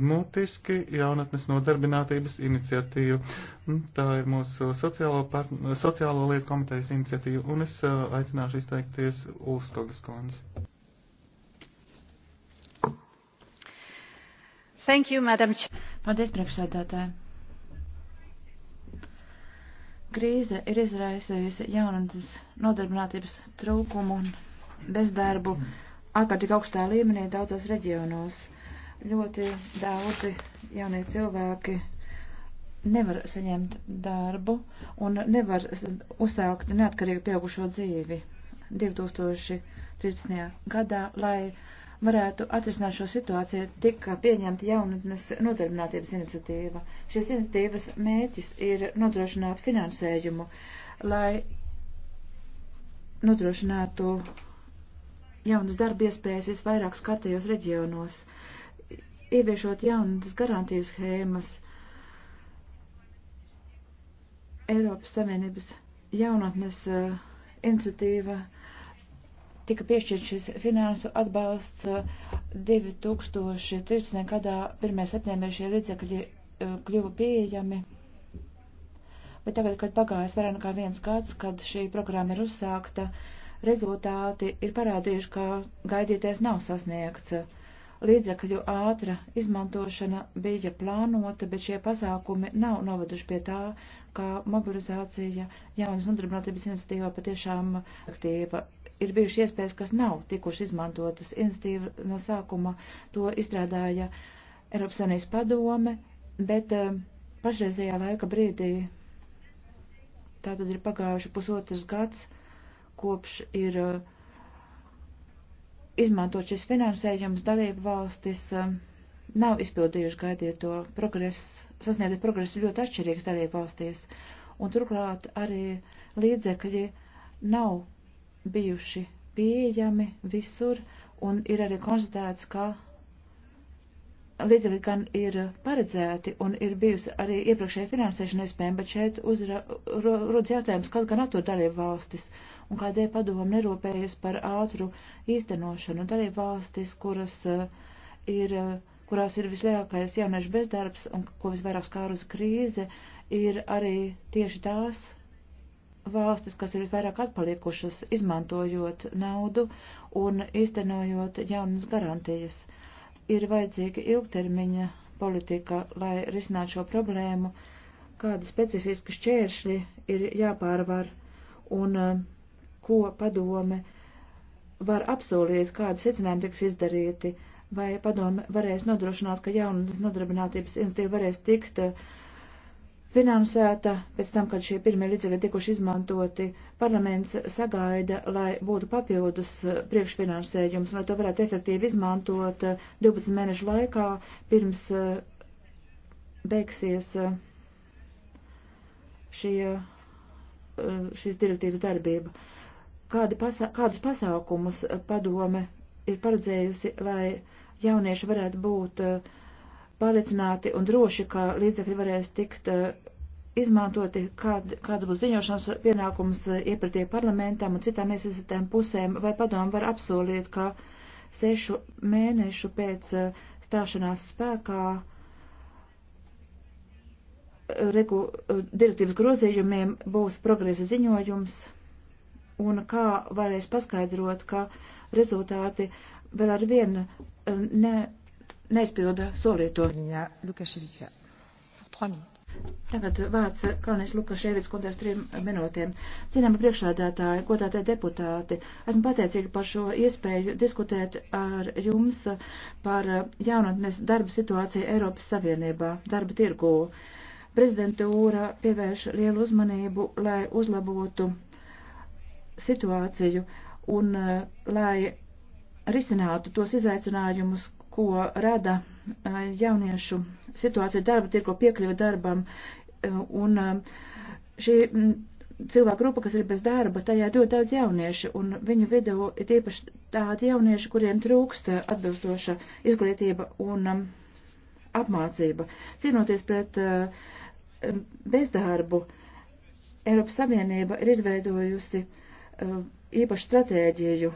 mutiski jaunatnes nodarbinātības iniciatīva. Mm, tā ir mūsu sociālo, part... sociālo lietu komitejas iniciatīva, un es aicināšu izteikties Ulstogas kundzi. Thank you, madam. Paldies, priekšsēdētāji. Krīze ir izraisījusi jaunatnes nodarbinātības trūkumu un bezdarbu ārkārtīgi augstā līmenī daudzos reģionos. Mm ļoti daudzi jaunie cilvēki nevar saņemt darbu un nevar uzsākt neatkarīgi pieaugušo dzīvi 2013. gadā, lai varētu atrisināt šo situāciju, tika pieņemta jaunatnes nodarbinātības iniciatīva. Šīs iniciatīvas mēķis ir nodrošināt finansējumu, lai nodrošinātu jaunas darba iespējas visvairāk skatījos reģionos. Uh, ieviešot jaunas garantijas schēmas Eiropas Savienības jaunatnes uh, iniciatīva tika piešķirt šis finansu atbalsts 2013. Eh, gadā 1. septembrī šie līdzekļi eh, kļuva pieejami. Bet tagad, kad pagājis vairāk nekā viens gads, kad šī programma ir uzsākta, rezultāti ir parādījuši, ka gaidīties nav sasniegts. Līdzekļu ātra izmantošana bija plānota, bet šie pasākumi nav noveduši pie tā, kā mobilizācija jaunas nodarbinātības iniciatīvā patiešām aktīva. Ir bijuši iespējas, kas nav tikuši izmantotas. Iniciatīva no sākuma to izstrādāja Eiropas Sanīs padome, bet eh, pašreizajā laika brīdī tātad ir pagājuši pusotrs gads, kopš ir uh, izmantot šis finansējums, dalību valstis eh, nav izpildījuši gaidīto progresu, sasniedzot progresu ļoti atšķirīgs dalību valstīs, un turklāt arī līdzekļi nav bijuši pieejami visur, un ir arī konstatēts, ka līdzekļi gan ir paredzēti un ir bijusi arī iepriekšēja finansēšana iespējama, bet šeit rodas jautājums, kas gan atur dalību valstis un kādēļ padomu nerūpējas par ātru īstenošanu dalību valstis, kuras eh, ir eh, kurās ir vislielākais jauniešu bezdarbs un ko visvairāk skārusi krīze, ir arī tieši tās valstis, kas ir visvairāk atpaliekušas, izmantojot naudu un īstenojot jaunas garantijas ir vajadzīga ilgtermiņa politika, lai risinātu šo problēmu, kādi specifiski šķēršļi ir jāpārvar un eh, ko padome var apsolīt, kādi secinājumi tiks izdarīti, vai padome varēs nodrošināt, ka jaunas nodarbinātības institīva varēs tikt uh, finansēta pēc tam, kad šie pirmie līdzekļi tikuši izmantoti. Parlaments sagaida, lai būtu papildus eh, priekšfinansējums, lai to varētu efektīvi izmantot 12 eh, mēnešu laikā pirms eh, beigsies šie, šīs direktīvas darbība. Kādi pasa kādus pasākumus padome ir paredzējusi, lai jaunieši varētu būt uh, pārliecināti un droši, ka līdzekļi varēs tikt eh, izmantoti, kād, kāds būs ziņošanas pienākums eh, iepratie parlamentam un citām iesaistītēm pusēm, vai padomu var apsolīt, ka sešu mēnešu pēc eh, stāšanās spēkā regu, direktīvas grozījumiem būs progresa ziņojums, un kā varēs paskaidrot, ka rezultāti vēl ar vienu ne neizpilda solīto. Jā, Lukaševiča. Tagad vārds Kalnies Lukaševits, kundēs trim minūtēm. Cienām priekšādātāji, godātie deputāti, esmu pateicīga par šo iespēju diskutēt ar jums par jaunatnes darba situāciju Eiropas Savienībā, darba tirgū. Prezidentūra pievērš lielu uzmanību, lai uzlabotu situāciju un eh, lai risinātu tos izaicinājumus, ko rada jauniešu situācija darba, tirko piekļuva darbam, un šī cilvēku grupa, kas ir bez darba, tajā ir ļoti daudz jauniešu, un viņu vidū ir tiepaši tādi jaunieši, kuriem trūkst atbilstoša izglītība un apmācība. Cīnoties pret bezdarbu, Eiropas Savienība ir izveidojusi īpašu stratēģiju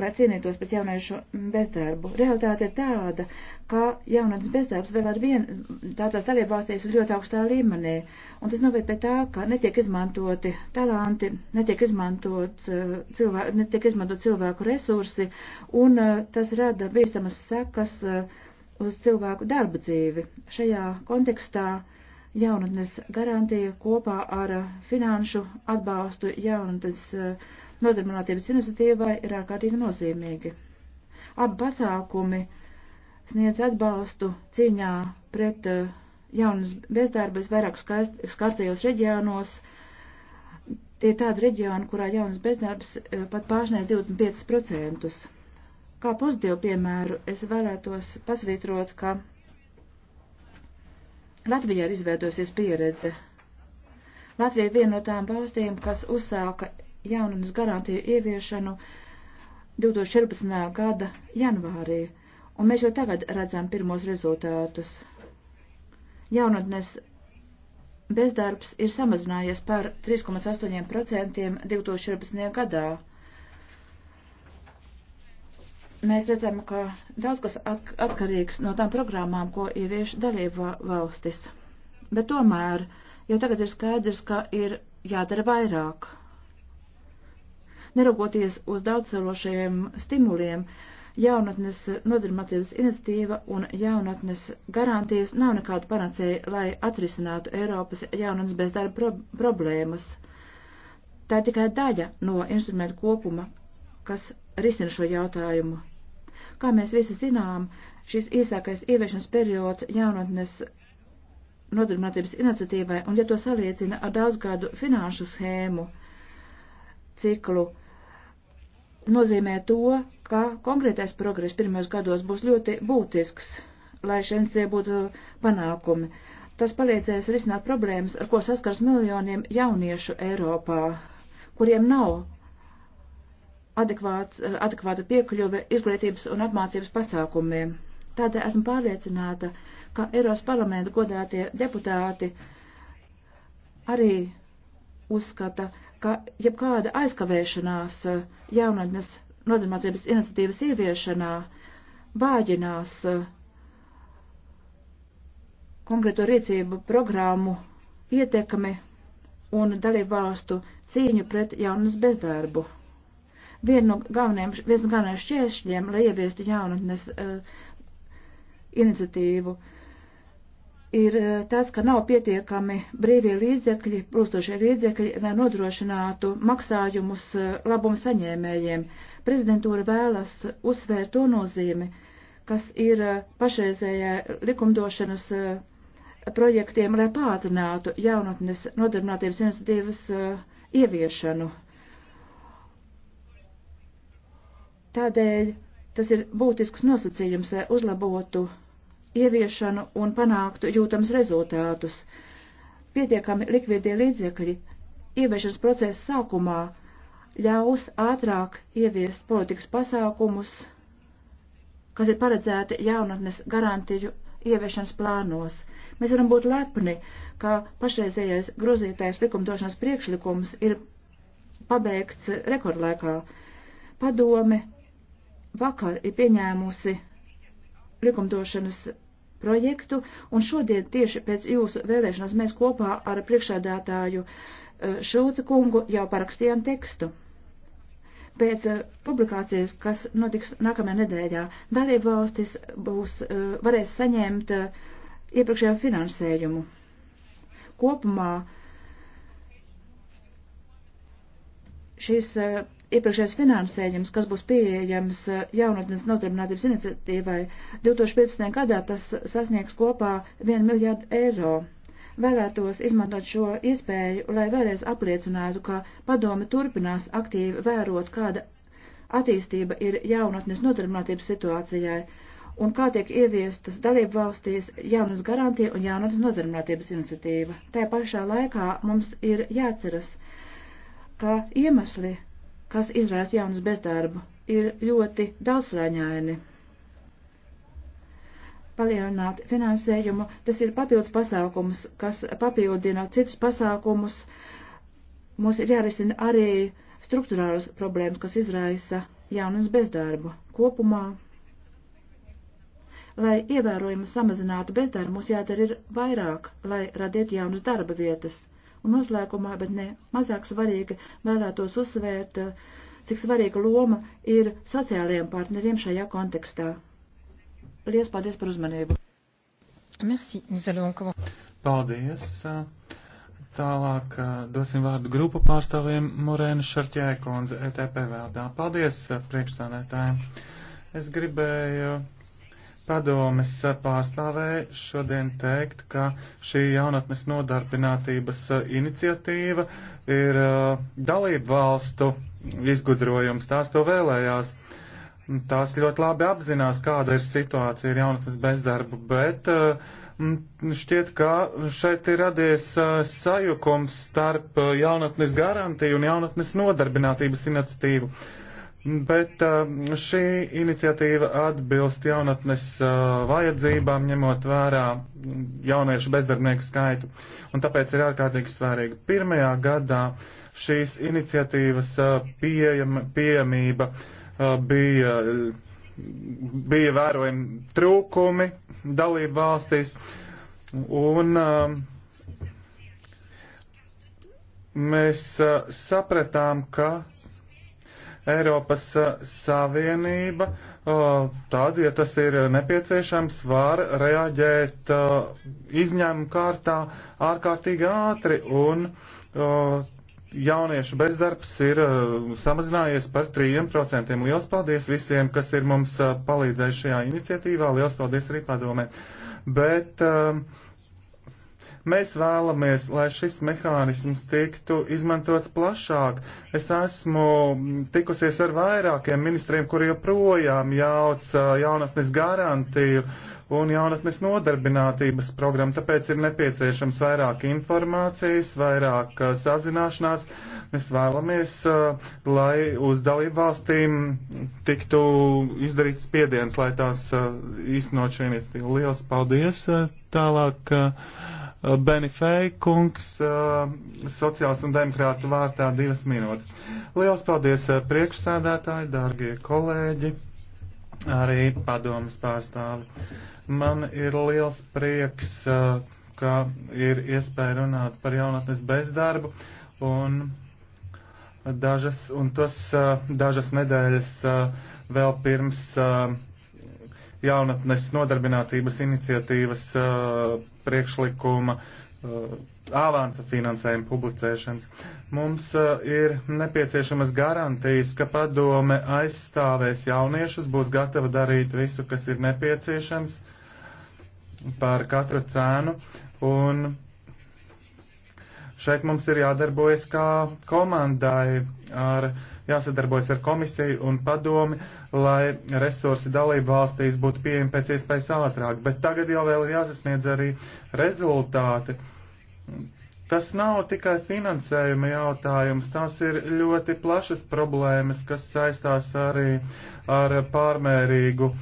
lai cīnītos pret jauniešu bezdarbu. Realitāte ir tāda, ka jaunatnes bezdarbs vēl ar vienu tādās dalībvalstīs ir ļoti augstā līmenī, un tas noved pie tā, ka netiek izmantoti talanti, netiek, izmantot, eh, cilvē, netiek izmantot cilvēku resursi, un eh, tas rada bīstamas sekas eh, uz cilvēku darba dzīvi. Šajā kontekstā jaunatnes garantija kopā ar finanšu atbalstu jaunatnes uh, nodarbinātības iniciatīvai ir ārkārtīgi nozīmīgi. Abi pasākumi sniedz atbalstu cīņā pret eh, jaunas bezdarbas vairāk skartajos reģionos. Tie ir tādi reģioni, kurā jaunas bezdarbas eh, pat pārsniedz 25%. Kā pozitīvu piemēru es varētos pasvītrot, ka Latvijā ir izveidojusies pieredze. Latvija ir viena no tām valstīm, kas uzsāka jaunas garantiju ieviešanu 2014. gada janvārī, un mēs jau tagad redzam pirmos rezultātus. Jaunatnes bezdarbs ir samazinājies par 3,8% 2014. gadā. Mēs redzam, ka daudz kas atkarīgs no tām programmām, ko ievieš dalību valstis. Bet tomēr jau tagad ir skaidrs, ka ir jādara vairāk. Neraugoties uz daudzsološajiem stimuliem, jaunatnes nodarbinātības iniciatīva un jaunatnes garantijas nav nekāda panacēja, lai atrisinātu Eiropas jaunatnes bezdarba pro problēmas. Tā ir tikai daļa no instrumentu kopuma, kas risina šo jautājumu. Kā mēs visi zinām, šis īsākais ieviešanas periods jaunatnes nodarbinātības iniciatīvai, un ja to salīdzina ar daudzgadu finanšu schēmu ciklu, nozīmē to, ka konkrētais progress pirmajos gados būs ļoti būtisks, lai šeit būtu panākumi. Tas palīdzēs risināt problēmas, ar ko saskars miljoniem jauniešu Eiropā, kuriem nav adekvāts, adekvāta piekļuve izglītības un apmācības pasākumiem. Tādēļ esmu pārliecināta, ka Eiropas parlamenta godātie deputāti arī uzskata, ka jebkāda aizkavēšanās eh, jaunatnes nodarbinātības iniciatīvas ieviešanā vāģinās eh, konkrēto rīcību programmu ietekmi un dalībvalstu cīņu pret jaunas bezdarbu. Vien no galveniem, viens no galvenajiem šķēršļiem, lai ieviestu jaunatnes uh, iniciatīvu, uh, ir eh, tas, ka nav pietiekami brīvie līdzekļi, plūstošie līdzekļi, lai nodrošinātu maksājumus eh, labumu saņēmējiem. Prezidentūra vēlas uzsvērt to nozīmi, kas ir eh, pašreizējā likumdošanas projektiem, lai pātrinātu jaunatnes nodarbinātības iniciatīvas ieviešanu. Tādēļ tas ir būtisks nosacījums, lai uzlabotu ieviešanu un panāktu jūtams rezultātus. Pietiekami likvidie līdzekļi ieviešanas procesa sākumā ļaus ātrāk ieviest politikas pasākumus, kas ir paredzēti jaunatnes garantiju ieviešanas plānos. Mēs varam būt lepni, ka pašreizējais grozītais likumdošanas priekšlikums ir pabeigts rekordlaikā. Padome vakar ir pieņēmusi likumdošanas projektu, un šodien tieši pēc jūsu vēlēšanas mēs kopā ar priekšādātāju eh, Šulca kungu jau parakstījām tekstu. Pēc eh, publikācijas, kas notiks nākamajā nedēļā, dalībvalstis būs, eh, varēs saņemt iepriekšējo finansējumu. Kopumā šis iepriekšējais finansējums, kas būs pieejams jaunatnes nodarbinātības iniciatīvai 2015. gadā, tas sasniegs kopā 1 miljārdu eiro. Vēlētos izmantot šo iespēju, lai vēlreiz apliecinātu, ka padome turpinās aktīvi vērot, kāda attīstība ir jaunatnes nodarbinātības situācijai un kā tiek ieviestas dalību valstīs jaunas garantija un jaunas nodarbinātības iniciatīva. Tā pašā laikā mums ir jāatceras, ka iemesli, kas izraisa jaunas bezdarbu, ir ļoti daudzslāņaini. Palielināt finansējumu, tas ir papildus pasākums, kas papildina citus pasākumus. Mums ir jārisina arī struktūrālas problēmas, kas izraisa jaunas bezdarbu kopumā. Lai ievērojami samazinātu bezdarbu, mums jādara ir vairāk, lai radītu jaunas darba vietas Un noslēgumā, bet ne mazāk svarīgi, vēlētos uzsvērt, cik svarīga loma ir sociālajiem partneriem šajā kontekstā. Lies paldies par uzmanību. Merci. Paldies. Tālāk eh, dosim vārdu grupu pārstāvjiem Morēnu Šarķēku un ETP vēldā. Paldies eh, priekšstādētājiem. Es gribēju padomes pārstāvēja šodien teikt, ka šī jaunatnes nodarbinātības uh, iniciatīva ir uh, dalību valstu izgudrojums. Tās to vēlējās. Tās ļoti labi apzinās, kāda ir situācija ar jaunatnes bezdarbu, bet uh, šķiet, ka šeit ir radies sajukums starp jaunatnes garantiju un jaunatnes nodarbinātības iniciatīvu. Bet uh, šī iniciatīva atbilst jaunatnes uh, vajadzībām, ņemot vērā jauniešu bezdarbnieku skaitu, un tāpēc ir ārkārtīgi svarīgi. Pirmajā gadā šīs iniciatīvas uh, pieejam, pieejamība bija, bija vērojami trūkumi dalību valstīs, un mēs sapratām, ka Eiropas uh, Savienība uh, tad, ja tas ir nepieciešams, var reaģēt uh, izņēmu kārtā ārkārtīgi ātri un jauniešu bezdarbs ir samazinājies par 3%. Lielas paldies visiem, kas ir mums palīdzējuši šajā iniciatīvā. Lielas paldies arī padomē. Bet uh, Mēs vēlamies, lai šis mehānisms tiktu izmantots plašāk. Es esmu tikusies ar vairākiem ministriem, kuri joprojām jauc jaunatnes garantiju un jaunatnes nodarbinātības programmu, tāpēc ir nepieciešams vairāk informācijas, vairāk sazināšanās. Mēs vēlamies, lai uz dalību valstīm tiktu izdarīts spiediens, lai tās īstenot šo iniciatīvu. Lielas paldies! Tālāk. Eh, Benifei kungs, eh, sociāls un demokrāta vārtā divas minūtes. Liels paldies eh, priekšsēdētāji, dārgie kolēģi, arī padomas pārstāvi. Man ir liels prieks, ka ir iespēja runāt par jaunatnes bezdarbu un dažas, un tas dažas nedēļas vēl pirms jaunatnes nodarbinātības iniciatīvas priekšlikuma uh, avansa finansējuma publicēšanas. Mums uh, ir nepieciešamas garantijas, ka padome aizstāvēs jauniešus, būs gatava darīt visu, kas ir nepieciešams par katru cēnu. Un Šeit mums ir jādarbojas kā komandai, ar, jāsadarbojas ar komisiju un padomi, lai resursi dalību valstīs būtu pieejami pēc iespējas ātrāk. Bet tagad jau vēl ir jāsasniedz arī rezultāti. Tas nav tikai finansējuma jautājums, tās ir ļoti plašas problēmas, kas saistās arī ar pārmērīgu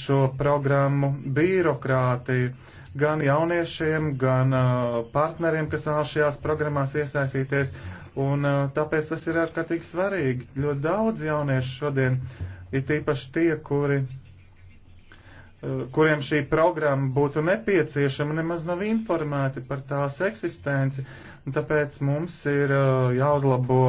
šo programmu birokrātiju. Uh, gan jauniešiem, gan uh, partneriem, kas vēl šajās programmās iesaistīties. Un uh, tāpēc tas ir ārkārtīgi svarīgi. Ļoti daudz jauniešu šodien ir tīpaši tie, kuri uh, kuriem šī programma būtu nepieciešama, nemaz nav informēti par tās eksistenci. Un tāpēc mums ir jāuzlabo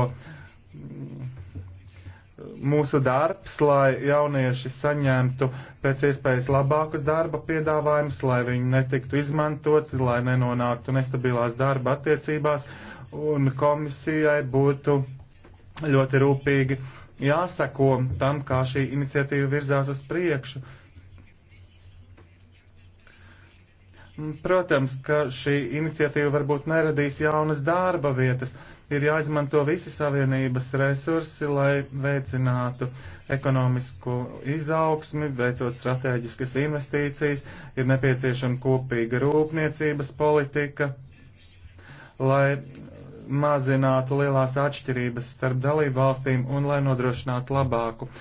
mūsu darbs, lai jaunieši saņemtu pēc iespējas labākus darba piedāvājumus, lai viņi netiktu izmantoti, lai nenonāktu nestabilās darba attiecībās, un komisijai būtu ļoti rūpīgi jāsako tam, kā šī iniciatīva virzās uz priekšu. Protams, ka šī iniciatīva varbūt neradīs jaunas darba vietas ir jāizmanto visi savienības resursi, lai veicinātu ekonomisku izaugsmi, veicot strateģiskas investīcijas, ir nepieciešama kopīga rūpniecības politika, lai mazinātu lielās atšķirības starp dalību valstīm un lai nodrošinātu labāku uh,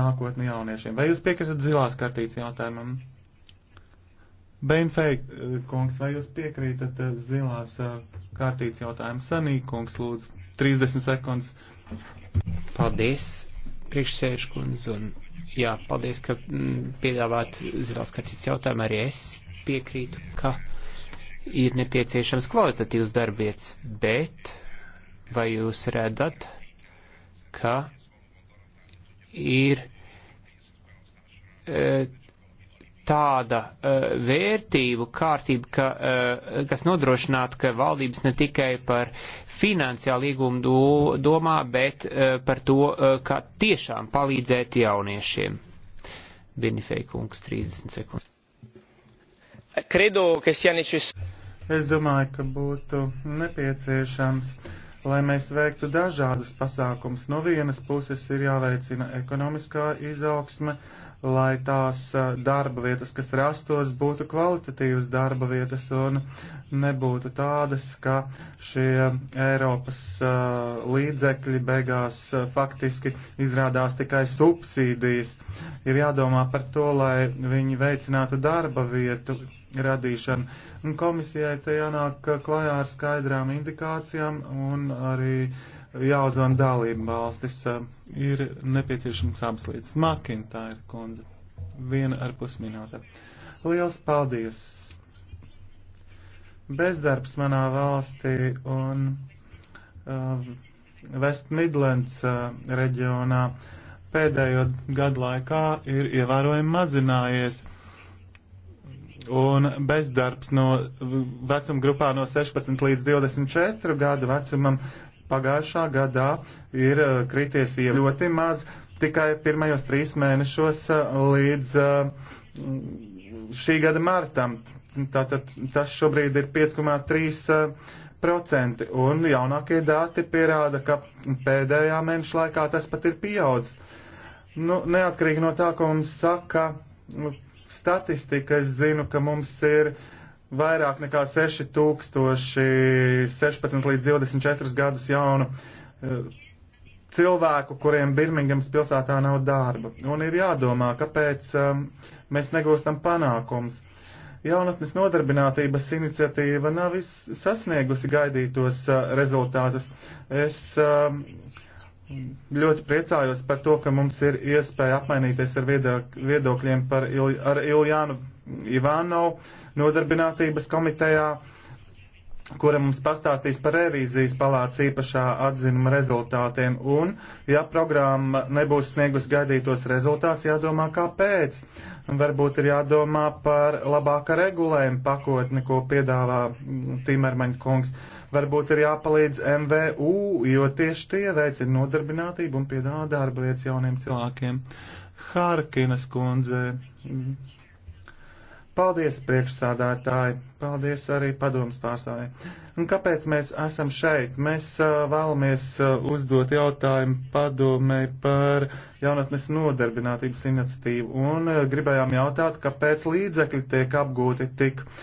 nākotni jauniešiem. Vai jūs piekritat zilās kartītes jautājumam? Beinfei, kungs, vai jūs piekrītat eh, zilās eh, kārtīts jautājumu? Sanī, kungs, lūdzu, 30 sekundes. Paldies, priekšsēžu kundz, un jā, paldies, ka mm, piedāvāt zilās kārtīts jautājumu. Arī es piekrītu, ka ir nepieciešams kvalitatīvs darbietis, bet vai jūs redzat, ka ir. E, tāda uh, vērtību kārtība, ka, uh, kas nodrošinātu, ka valdības ne tikai par finansiālu iegūmu do, domā, bet uh, par to, uh, kā tiešām palīdzēt jauniešiem. Benifeikungs, 30 sekundes. Credo, ka sia necessario. Es domāju, ka būtu nepieciešams, lai mēs veiktu dažādus pasākumus. No vienas puses ir jāveicina ekonomiskā izaugsme, uh, lai tās darba vietas, kas rastos, būtu kvalitatīvas darba vietas un nebūtu tādas, ka šie Eiropas uh, līdzekļi beigās uh, faktiski izrādās tikai subsīdijas. Ir jādomā par to, lai viņi veicinātu darba vietu radīšanu. Un komisijai te jānāk klajā ar skaidrām indikācijām un arī uh, jāuzvan dalību valstis, ir nepieciešams abas lietas. Makintāra kundze, viena ar pusminūte. Liels paldies! Bezdarbs manā valstī un uh, West Midlands uh, reģionā pēdējo gadu laikā ir ievērojami mazinājies un bezdarbs no vecuma grupā no 16 līdz 24 gadu vecumam pagājušā gadā ir eh, krities jau ļoti maz, tikai pirmajos trīs mēnešos eh, līdz eh, mm, šī gada martam. Tātad tas šobrīd ir 5,3% un jaunākie dati pierāda, ka pēdējā mēneša laikā tas pat ir pieaudzis. Nu, neatkarīgi no tā, ko mums saka nu, statistika, es zinu, ka mums ir uh, vairāk nekā 6016 līdz 24 gadus jaunu eh, cilvēku, kuriem Birmingemas pilsētā nav darba. Un ir jādomā, kāpēc um, mēs negūstam panākums. Jaunatnes nodarbinātības iniciatīva nav sasniegusi gaidītos uh, rezultātus. Es um, ļoti priecājos par to, ka mums ir iespēja apmainīties ar viedokļiem par Il ar Iljānu Ivānov nodarbinātības komitejā, kura mums pastāstīs par revīzijas palāca īpašā atzinuma rezultātiem. Un, ja programma nebūs sniegus gaidītos rezultāts, jādomā kāpēc. Varbūt ir jādomā par labāka regulējuma pakotni, ko piedāvā Timermaņa kungs. Varbūt ir jāpalīdz MVU, jo tieši tie veicina nodarbinātību un piedāvā darba vietas jauniem cilvēkiem. Hārkinas kundze Paldies, priekšsādātāji! Paldies arī padomus pārstāvjiem! Un kāpēc mēs esam šeit? Mēs uh, vēlamies uh, uzdot jautājumu padomē par jaunatnes nodarbinātības iniciatīvu un uh, gribējām jautāt, kāpēc līdzekļi tiek apgūti tik uh,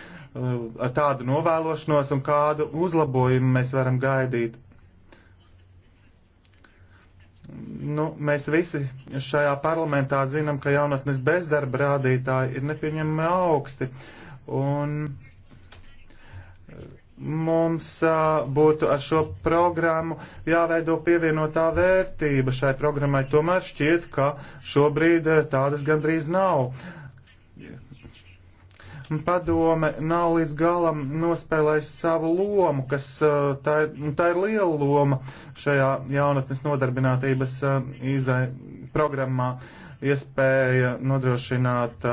ar tādu novēlošanos un kādu uzlabojumu mēs varam gaidīt nu, mēs visi šajā parlamentā zinām, ka jaunatnes bezdarba rādītāji ir nepieņemami augsti. Un eh, mums uh, būtu ar šo programmu jāveido pievienotā vērtība šai programmai. Tomēr šķiet, ka šobrīd eh, tādas gandrīz nav padome nav līdz galam nospēlējusi savu lomu, kas tā ir, tā ir liela loma šajā jaunatnes nodarbinātības izai programmā. Iespēja nodrošināt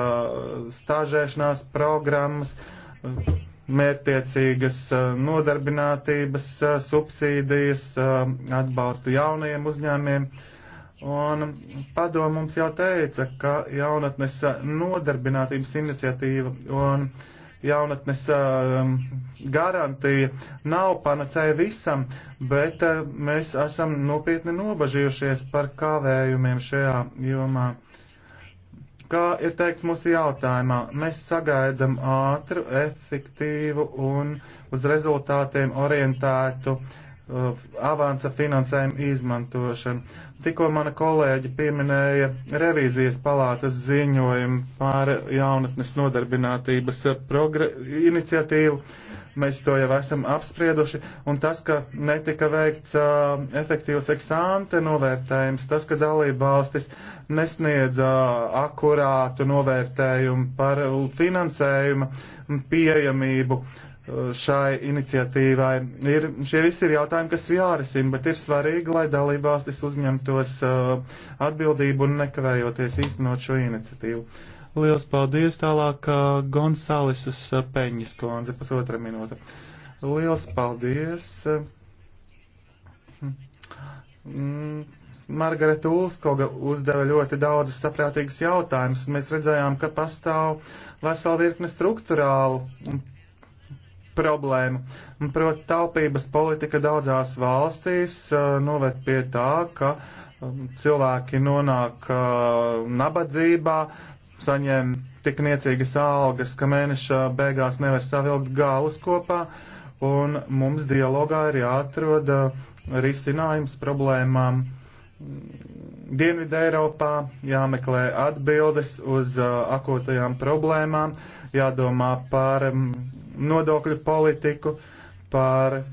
stāžēšanās programmas, mērtiecīgas nodarbinātības subsīdijas, atbalstu jaunajiem uzņēmiem Un padomu mums jau teica, ka jaunatnes nodarbinātības iniciatīva un jaunatnes um, garantija nav panacēja visam, bet uh, mēs esam nopietni nobažījušies par kāvējumiem šajā jomā. Kā ir teikts mūsu jautājumā, mēs sagaidam ātru, efektīvu un uz rezultātiem orientētu uh, Uh, avansa finansējuma izmantošanu. Tikko mana kolēģi pieminēja revīzijas palātas ziņojumu par jaunatnes nodarbinātības uh, iniciatīvu. Mēs to jau esam apsprieduši, un tas, ka netika veikts uh, efektīvs eksāmte novērtējums, tas, ka dalība valstis nesniedza uh, akurātu novērtējumu par finansējumu, uh, pieejamību eh, šai iniciatīvai. Ir, šie visi ir jautājumi, kas ir jārisina, bet ir svarīgi, lai dalībvalstis uzņemtos eh, atbildību un nekavējoties īstenot šo iniciatīvu. Liels paldies tālāk eh, Gonzālisas Peņas konze, pusotra minūte. Liels paldies. Mm Margareta Ulskoga uzdeva ļoti daudzus saprātīgus jautājumus, un mēs redzējām, ka pastāv vesela virkne struktūrālu problēmu. Proti, taupības politika daudzās valstīs uh, noved pie tā, ka um, cilvēki nonāk uh, nabadzībā, saņem tik niecīgas algas, ka mēneša beigās nevar savilkt galus kopā, un mums dialogā ir jāatrod uh, risinājums problēmām Dienvidē Eiropā jāmeklē atbildes uz uh, akotajām problēmām, jādomā par um, nodokļu politiku, par uh,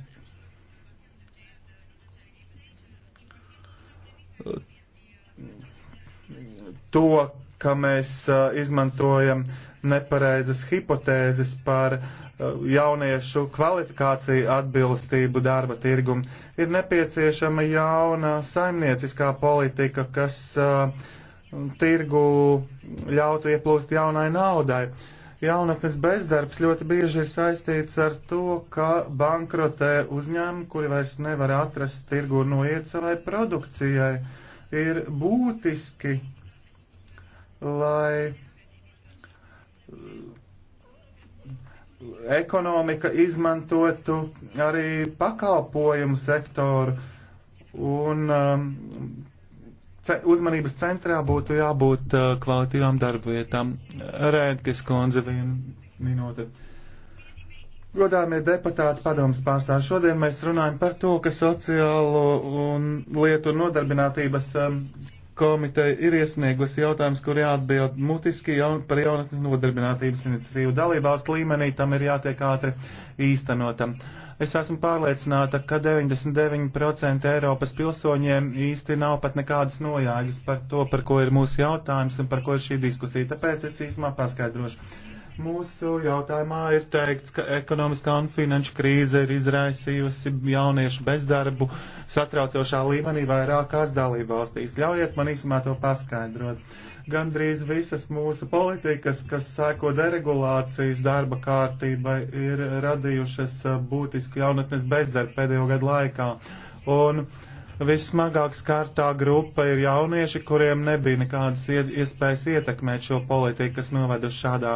to, ka mēs uh, izmantojam uh, nepareizas hipotēzes par uh, jauniešu kvalifikāciju atbilstību darba tirgumu. Ir nepieciešama jauna saimnieciskā politika, kas uh, tirgu ļautu ieplūst jaunai naudai. Jaunatnes bezdarbs ļoti bieži ir saistīts ar to, ka bankrotē uzņēmumi, kuri vairs nevar atrast tirgu noiet savai produkcijai. Ir būtiski, lai ekonomika izmantotu arī pakalpojumu sektoru un um, ce, uzmanības centrā būtu jābūt uh, kvalitīvām darbvietām. Rēdkis kundze viena minūte. Godāmie deputāti, padomas pārstāv, šodien mēs runājam par to, ka sociālo un lietu nodarbinātības um, komiteja ir iesniegusi jautājums, kur jāatbild mutiski jaun, par jaunatnes nodarbinātības iniciatīvu dalībvalstu līmenī, tam ir jātiek ātri īstenotam. Es esmu pārliecināta, ka 99% Eiropas pilsoņiem īsti nav pat nekādas nojāgas par to, par ko ir mūsu jautājums un par ko ir šī diskusija. Tāpēc es īsumā paskaidrošu. Mūsu jautājumā ir teikts, ka ekonomiskā un finanšu krīze ir izraisījusi jauniešu bezdarbu satraucošā līmenī vairākās dalībvalstīs. Ļaujiet man īsumā to paskaidrot. Gandrīz visas mūsu politikas, kas sēko deregulācijas darba kārtībai, ir radījušas uh, būtisku jaunatnes bezdarbu pēdējo gadu laikā. Un uh, Vismagāk skārtā grupa ir jaunieši, kuriem nebija nekādas iespējas ietekmēt šo politiku, kas noveda šādā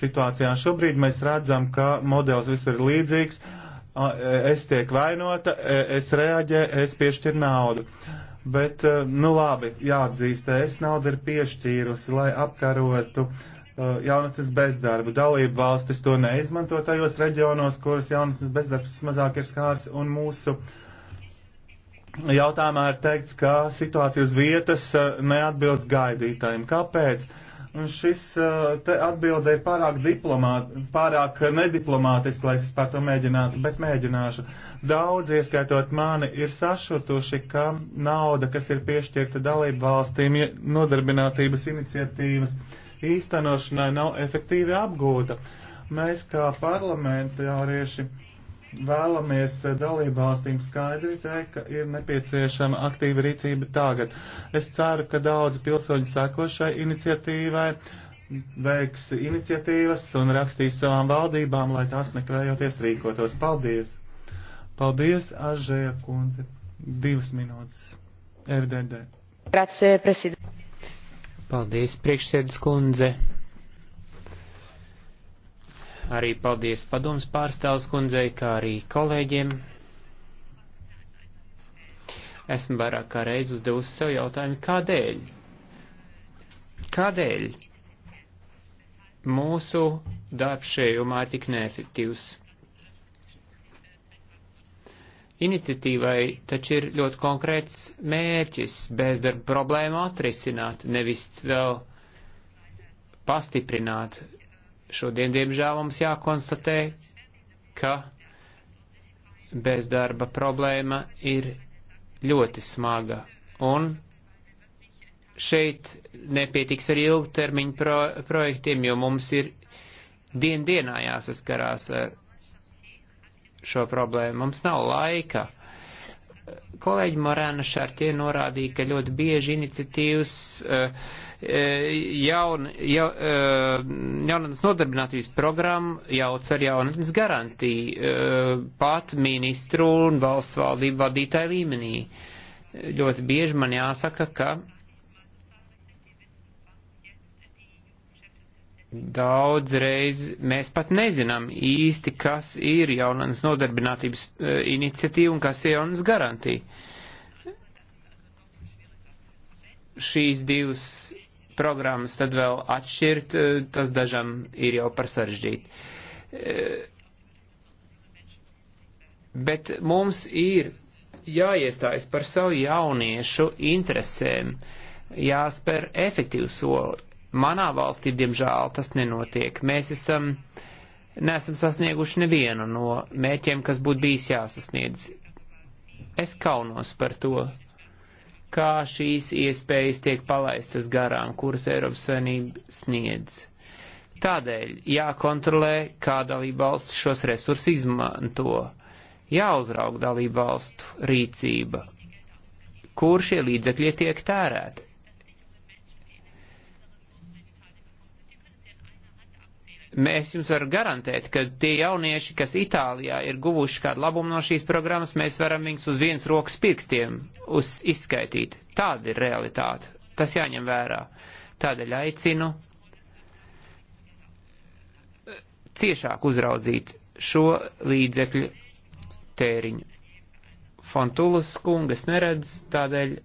situācijā. Šobrīd mēs redzam, ka modelis visur ir līdzīgs. Es tiek vainota, e, es reaģēju, es piešķiru naudu. Bet, e, nu labi, jāatzīst, es naudu ir piešķīrusi, lai apkarotu e, jaunatnes bezdarbu. Dalību valstis to neizmanto tajos reģionos, kuras jaunatnes bezdarbs mazāk ir skārs un mūsu uh, jautājumā ir teikts, ka situācija uz vietas eh, neatbilst gaidītājiem. Kāpēc? Un šis eh, atbilde ir pārāk, diplomāt, pārāk nediplomātiski, lai es par to mēģinātu, bet mēģināšu. Daudz, ieskaitot mani, ir sašutuši, ka nauda, kas ir piešķirta dalību valstīm nodarbinātības iniciatīvas īstenošanai, nav efektīvi apgūta. Mēs kā parlamentārieši. Ja vēlamies eh, dalībvalstīm skaidri teikt, ka ir nepieciešama aktīva rīcība tagad. Es ceru, ka daudzi pilsoņi seko šai iniciatīvai, veiks iniciatīvas un rakstīs savām valdībām, lai tās nekvējoties rīkotos. Paldies! Paldies, Ažēja kundze. Divas minūtes. RDD. Paldies, priekšsēdus kundze. Arī paldies padoms pārstāvs kundzei, kā arī kolēģiem. Esmu vairāk kā reiz uzdevusi sev jautājumu, kādēļ? Kādēļ mūsu darbs šajumā ir tik neefektīvs? Iniciatīvai taču ir ļoti konkrēts mērķis bezdarba problēmu atrisināt, nevis vēl pastiprināt Šodien, diemžēl, mums jākonstatē, ka bezdarba problēma ir ļoti smaga. Un šeit nepietiks ar ilgtermiņu pro projektiem, jo mums ir dien dienā jāsaskarās ar šo problēmu. Mums nav laika. Kolēģi Morēna Šartie norādīja, ka ļoti bieži iniciatīvas uh, Eh, jaun, ja, eh, jaunatnes nodarbinātības programma jauc ar jaunatnes garantiju eh, pat ministru un valsts valdību vadītāju līmenī. Ļoti bieži man jāsaka, ka Daudzreiz mēs pat nezinām īsti, kas ir jaunas nodarbinātības iniciatīva un kas ir jaunas garantija. Šīs divas programmas, tad vēl atšķirt, eh, tas dažam ir jau par sarežģīti. Eh, bet mums ir jāiestājas par savu jauniešu interesēm, jāspēr efektīvu soli. Manā valstī, diemžēl, tas nenotiek. Mēs esam, neesam sasnieguši nevienu no mēķiem, kas būtu bijis jāsasniedz. Es kaunos par to, kā šīs iespējas tiek palaistas garām, kuras Eiropas Savienība sniedz. Tādēļ jākontrolē, kā dalība valsts šos resursus izmanto, jāuzraug dalība valstu rīcība, kur šie līdzekļi tiek tērēti. Mēs jums varam garantēt, ka tie jaunieši, kas Itālijā ir guvuši kādu labumu no šīs programmas, mēs varam viņus uz vienas rokas pirkstiem uz izskaitīt. Tāda ir realitāte. Tas jāņem vērā. Tādēļ aicinu ciešāk uzraudzīt šo līdzekļu tēriņu. Fontulus kungas neredz, tādēļ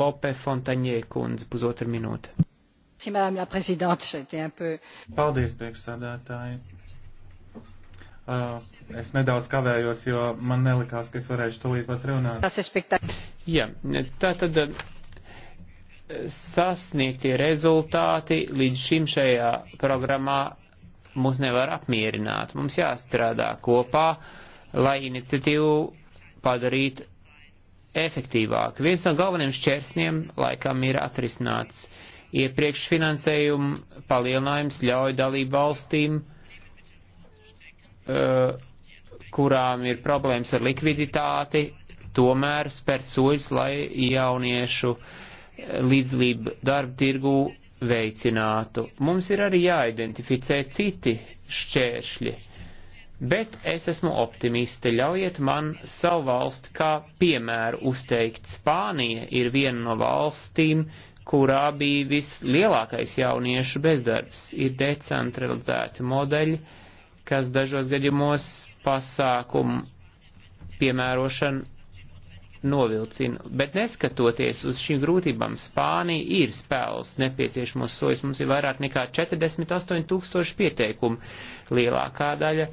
Lope Fontaņē kundze pusotru minūti. Paldies, priekšsādātāji. Uh, es nedaudz kavējos, jo man nelikās, ka es varēšu tūlīt pat runāt. Jā, tā tad uh, sasniegtie rezultāti līdz šim šajā programmā mūs nevar apmierināt. Mums jāstrādā kopā, lai iniciatīvu padarītu efektīvāku. Viens no galveniem šķērsniem laikam ir atrisināts. Uh, Iepriekš finansējuma palielinājums ļauj dalību valstīm, uh, kurām ir problēmas ar likviditāti, tomēr spērt soļus, lai jauniešu uh, līdzlību darba tirgū veicinātu. Mums ir arī jāidentificē citi šķēršļi, bet es esmu optimiste. Ļaujiet man savu valsti kā piemēru uzteikt. Spānija ir viena no valstīm, kurā bija vislielākais jauniešu bezdarbs. Ir decentralizēti modeļi, kas dažos gadījumos pasākumu piemērošanu novilcina. Bet neskatoties uz šīm grūtībām, Spānija ir spēles nepieciešamos sojas. Mums ir vairāk nekā 48 tūkstoši pieteikumu. Lielākā daļa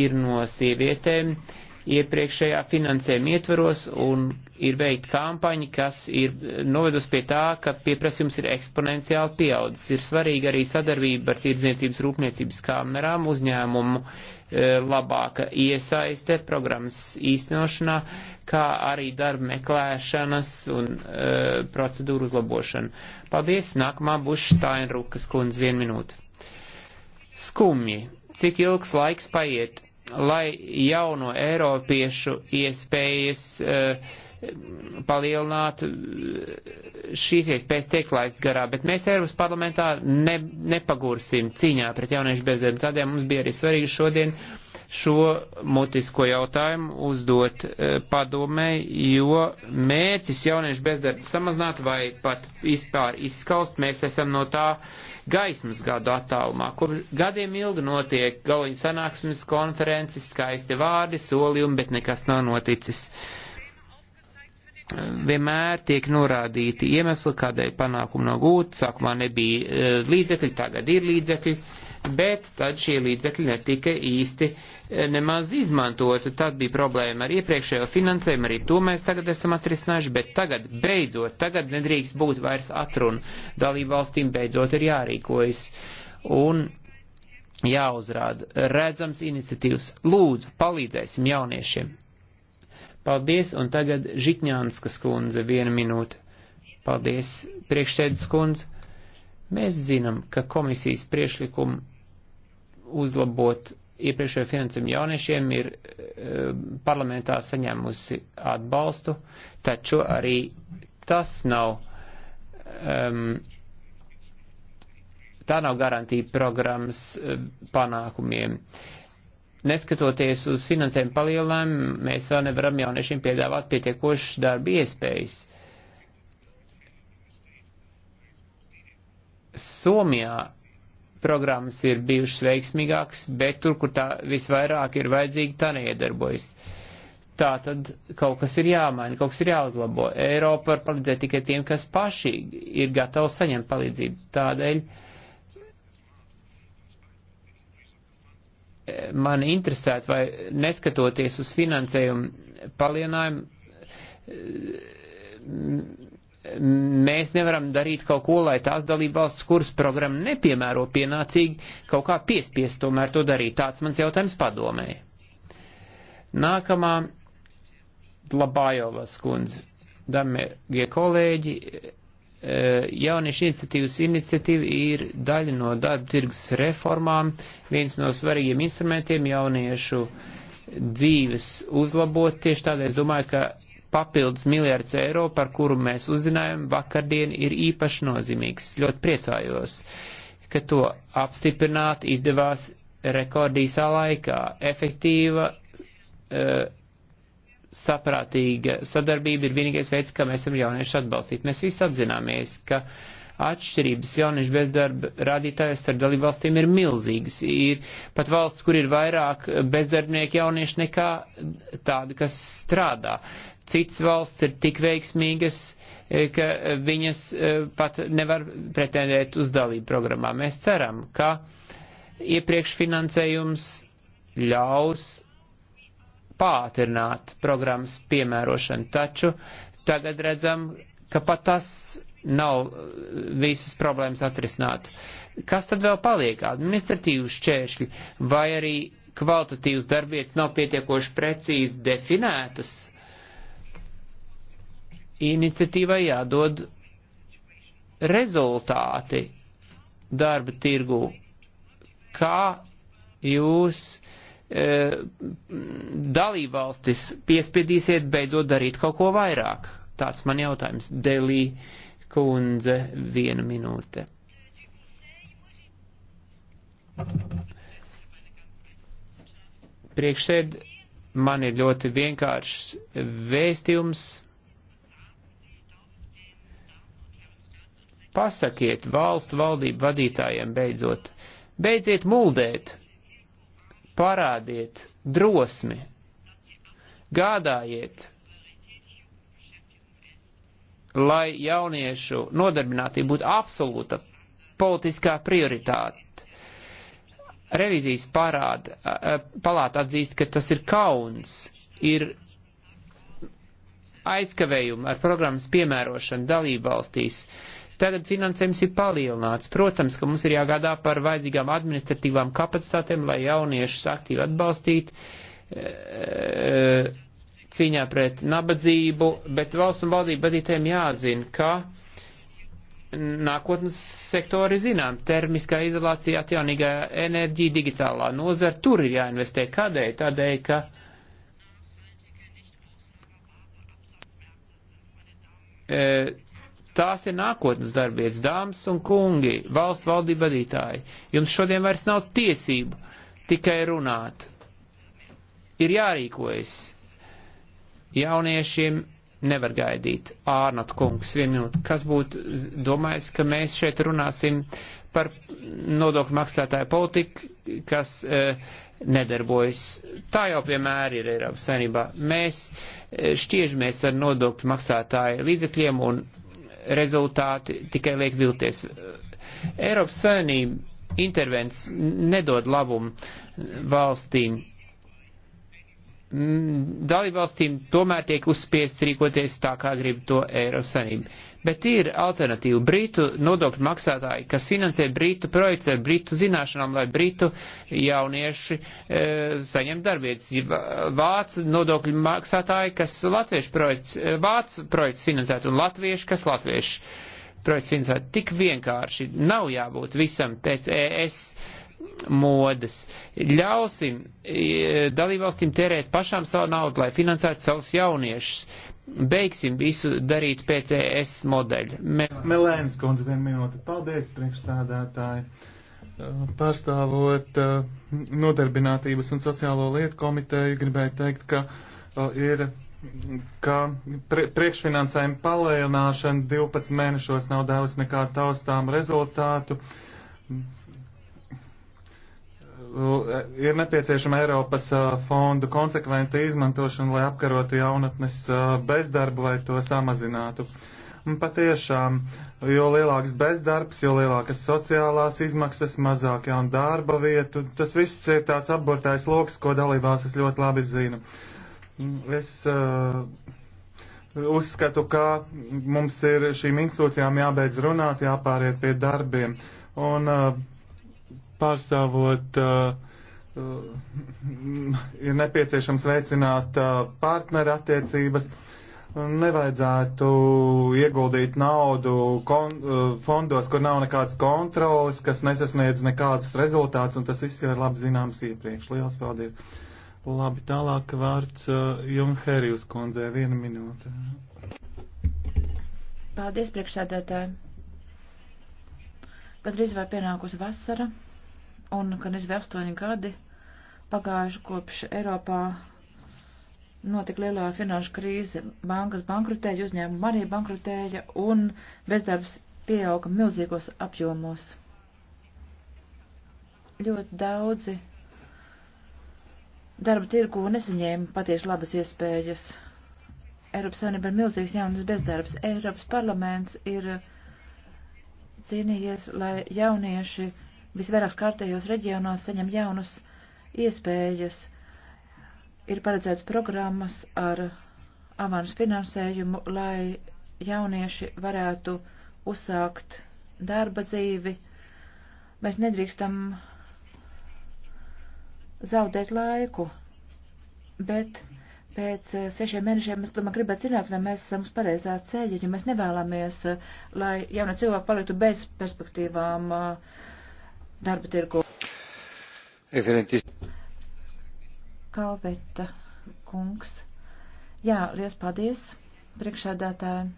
ir no sievietēm. Uh, iepriekšējā finansējuma ietvaros un ir veikta kampaņa, kas ir novedusi pie tā, ka pieprasījums ir eksponenciāli pieaudzis. Ir svarīga arī sadarbība ar tirdzniecības rūpniecības kamerām, uzņēmumu e, labāka iesaiste programmas īstenošanā, kā arī darba meklēšanas un e, procedūru uzlabošana. Paldies, nākamā būs Štainrukas kundze, vien minūte. Skumji, cik ilgs laiks paiet lai jauno Eiropiešu iespējas uh, palielināt eh, šīs iespējas tiek laists garā, bet mēs Eiropas parlamentā ne, nepagursim cīņā pret jauniešu bezdarbu. Tādēļ mums bija arī svarīgi šodien šo mutisko jautājumu uzdot uh, padomē, jo mērķis jauniešu bezdarbu samazināt vai pat vispār izskaust, mēs esam no tā uh, gaismas gadu attālumā. Kopš gadiem ilgi notiek galīgi sanāksmes konferences, skaisti vārdi, solījumi, bet nekas nav noticis. Vienmēr tiek norādīti iemesli, kādēļ panākumu nav gūt, sākumā nebija eh, līdzekļi, tagad ir līdzekļi bet tad šie līdzekļi netika īsti eh, nemaz izmantoti. Tad bija problēma ar iepriekšējo finansējumu, arī to mēs tagad esam atrisinājuši, bet tagad beidzot, tagad nedrīkst būt vairs atrunu. Dalību valstīm beidzot ir jārīkojas. Un jāuzrāda redzams iniciatīvas. Lūdzu, palīdzēsim jauniešiem. Paldies, un tagad Žitņānskas kundze viena minūte. Paldies, priekšsēdus kundze. Mēs zinām, ka komisijas priešlikuma uzlabot iepriekšējo finansējumu jauniešiem, ir e, parlamentā saņēmusi atbalstu, taču arī tas nav, um, tā nav garantija programmas e, panākumiem. Neskatoties uz finansējumu palielinājumu, mēs vēl nevaram jauniešiem piedāvāt pietiekošas darba iespējas. Somijā programmas ir bijušas veiksmīgākas, bet tur, kur tā visvairāk ir vajadzīga, tā neiedarbojas. Tā tad kaut kas ir jāmaina, kaut kas ir jāuzlabo. Eiropa var palīdzēt tikai tiem, kas paši ir gatavi saņemt palīdzību. Tādēļ eh, man interesētu, vai neskatoties uz finansējumu palielinājumu, eh, mēs nevaram darīt kaut ko, lai tās dalībvalsts, kuras programma nepiemēro pienācīgi, kaut kā piespiest tomēr to darīt. Tāds mans jautājums padomēja. Nākamā Labājovas kundze, damie kolēģi, e, jauniešu iniciatīvas iniciatīva ir daļa no darba tirgus reformām, viens no svarīgiem instrumentiem jauniešu dzīves uzlabot. Tieši tādēļ es domāju, ka papildus miljards eiro, par kuru mēs uzzinājām vakardien, ir īpaši nozīmīgs. Ļoti priecājos, ka to apstiprināt izdevās rekordīsā laikā. Efektīva, e, saprātīga sadarbība ir vienīgais veids, kā mēs varam jauniešu atbalstīt. Mēs visi apzināmies, ka atšķirības jauniešu bezdarba rādītājas starp dalībvalstīm ir milzīgas. Ir pat valsts, kur ir vairāk bezdarbnieku jauniešu nekā tādi, kas strādā. Cits valsts ir tik veiksmīgas, e, ka e, viņas e, pat nevar pretendēt uz dalību programmā. Mēs ceram, ka iepriekš finansējums ļaus pātrināt programmas piemērošanu, taču tagad redzam, ka pat tas nav visas problēmas atrisināt. Kas tad vēl paliek? Administratīvi šķēršļi vai arī kvalitatīvas darbietas nav pietiekoši precīzi definētas? iniciatīvai jādod rezultāti darba tirgu. Kā jūs e, dalībvalstis piespiedīsiet beidzot darīt kaut ko vairāk? Tāds man jautājums. Delī kundze, viena minūte. Priekšsēd man ir ļoti vienkāršs vēstījums Pasakiet valstu valdību vadītājiem beidzot, beidziet muldēt, parādiet drosmi, gādājiet, lai jauniešu nodarbinātība būtu absolūta politiskā prioritāte. Revizijas parāda, palāta atzīst, ka tas ir kauns, ir aizkavējumi ar programmas piemērošanu dalību valstīs. Uh, Tagad finansējums ir palielināts. Protams, ka mums ir jāgādā par vajadzīgām administratīvām kapacitātēm, lai jauniešus aktīvi atbalstītu eh, cīņā pret nabadzību, bet valsts un valdību vadītājiem jāzina, ka nākotnes sektori zinām, termiskā izolācija, atjaunīgā enerģija, digitālā nozara, tur ir jāinvestē. Kādēļ? Tādēļ, ka e, Tās ir nākotnes darbietas, dāmas un kungi, valsts valdība vadītāji. Jums šodien vairs nav tiesību tikai runāt. Ir jārīkojas. Jauniešiem nevar gaidīt. Ārnat kungs, vienu minūti, kas būtu domājis, ka mēs šeit runāsim par nodokļu maksātāju politiku, kas e, nedarbojas. Tā jau piemēra ir Eiropas saimnībā. Mēs e, šķiežamies ar nodokļu maksātāju līdzekļiem un rezultāti tikai liek vilties. Eiropas Savienība intervents nedod labumu valstīm Mm, dalībvalstīm tomēr tiek uzspiests rīkoties tā, kā grib to Eiropas Savienība. Bet ir alternatīva. Brītu nodokļu maksātāji, kas finansē Brītu projekts ar Brītu zināšanām, lai Brītu jaunieši e, saņem darbietas. Vācu nodokļu maksātāji, kas latviešu projekts, e, Vācu projekts finansētu un latviešu, kas latviešu projekts finansētu. Tik vienkārši nav jābūt visam pēc ES modes. Ļausim e, dalībvalstīm tērēt pašām savu naudu, lai finansētu savus jauniešus. Beigsim visu darīt PCS e modeļu. Me... Melēns kundze, viena minūte. Paldies, priekšsādātāji. E, pārstāvot nodarbinātības un sociālo lietu komiteju, gribēju teikt, ka ir ka pre priekšfinansējuma palielināšana 12 mēnešos nav devusi nekādu taustām rezultātu ir nepieciešama Eiropas fondu konsekventa izmantošana, lai apkarotu jaunatnes bezdarbu vai to samazinātu. Un patiešām, jo lielāks bezdarbs, jo lielākas sociālās izmaksas, mazāk jaunu darba vietu, tas viss ir tāds apburtais lokus, ko dalībās es ļoti labi zinu. Es uh, uzskatu, ka mums ir šīm institūcijām jābeidz runāt, jāpāriet pie darbiem. Un uh, pārstāvot uh, ir nepieciešams veicināt uh, partneru attiecības, nevajadzētu ieguldīt naudu kon, uh, fondos, kur nav nekādas kontrolas, kas nesasniedz nekādas rezultātus, un tas viss jau ir labi zināms iepriekš. Lielas paldies! Labi, tālāk vārds uh, Junherijus kundzē, viena minūte. Paldies, priekšsēdētāji! Gadrīz vai pienākusi vasara? un ka nezinu astoņi gadi pagājuši kopš Eiropā notika lielā finanšu krīze, bankas bankrutēja, uzņēmumi arī bankrutēja un bezdarbs pieauga milzīgos apjomos. Ļoti daudzi darba tirgu nesaņēma patieši labas iespējas. Eiropas Savienība ir milzīgs jaunas bezdarbs. Eiropas parlaments ir cīnījies, lai jaunieši visvairāk skārtējos reģionos saņem jaunas iespējas. Ir paredzēts programmas ar avans finansējumu, lai jaunieši varētu uzsākt darba dzīvi. Mēs nedrīkstam zaudēt laiku, bet pēc eh, sešiem mēnešiem es domāju, gribētu zināt, vai mēs esam uz pareizā ceļa, jo mēs nevēlamies, eh, lai jauna cilvēka paliktu bez perspektīvām. Uh, darba tirgu. Ekscelenti. Kalveta kungs. Jā, liels paldies, priekšsēdētāji.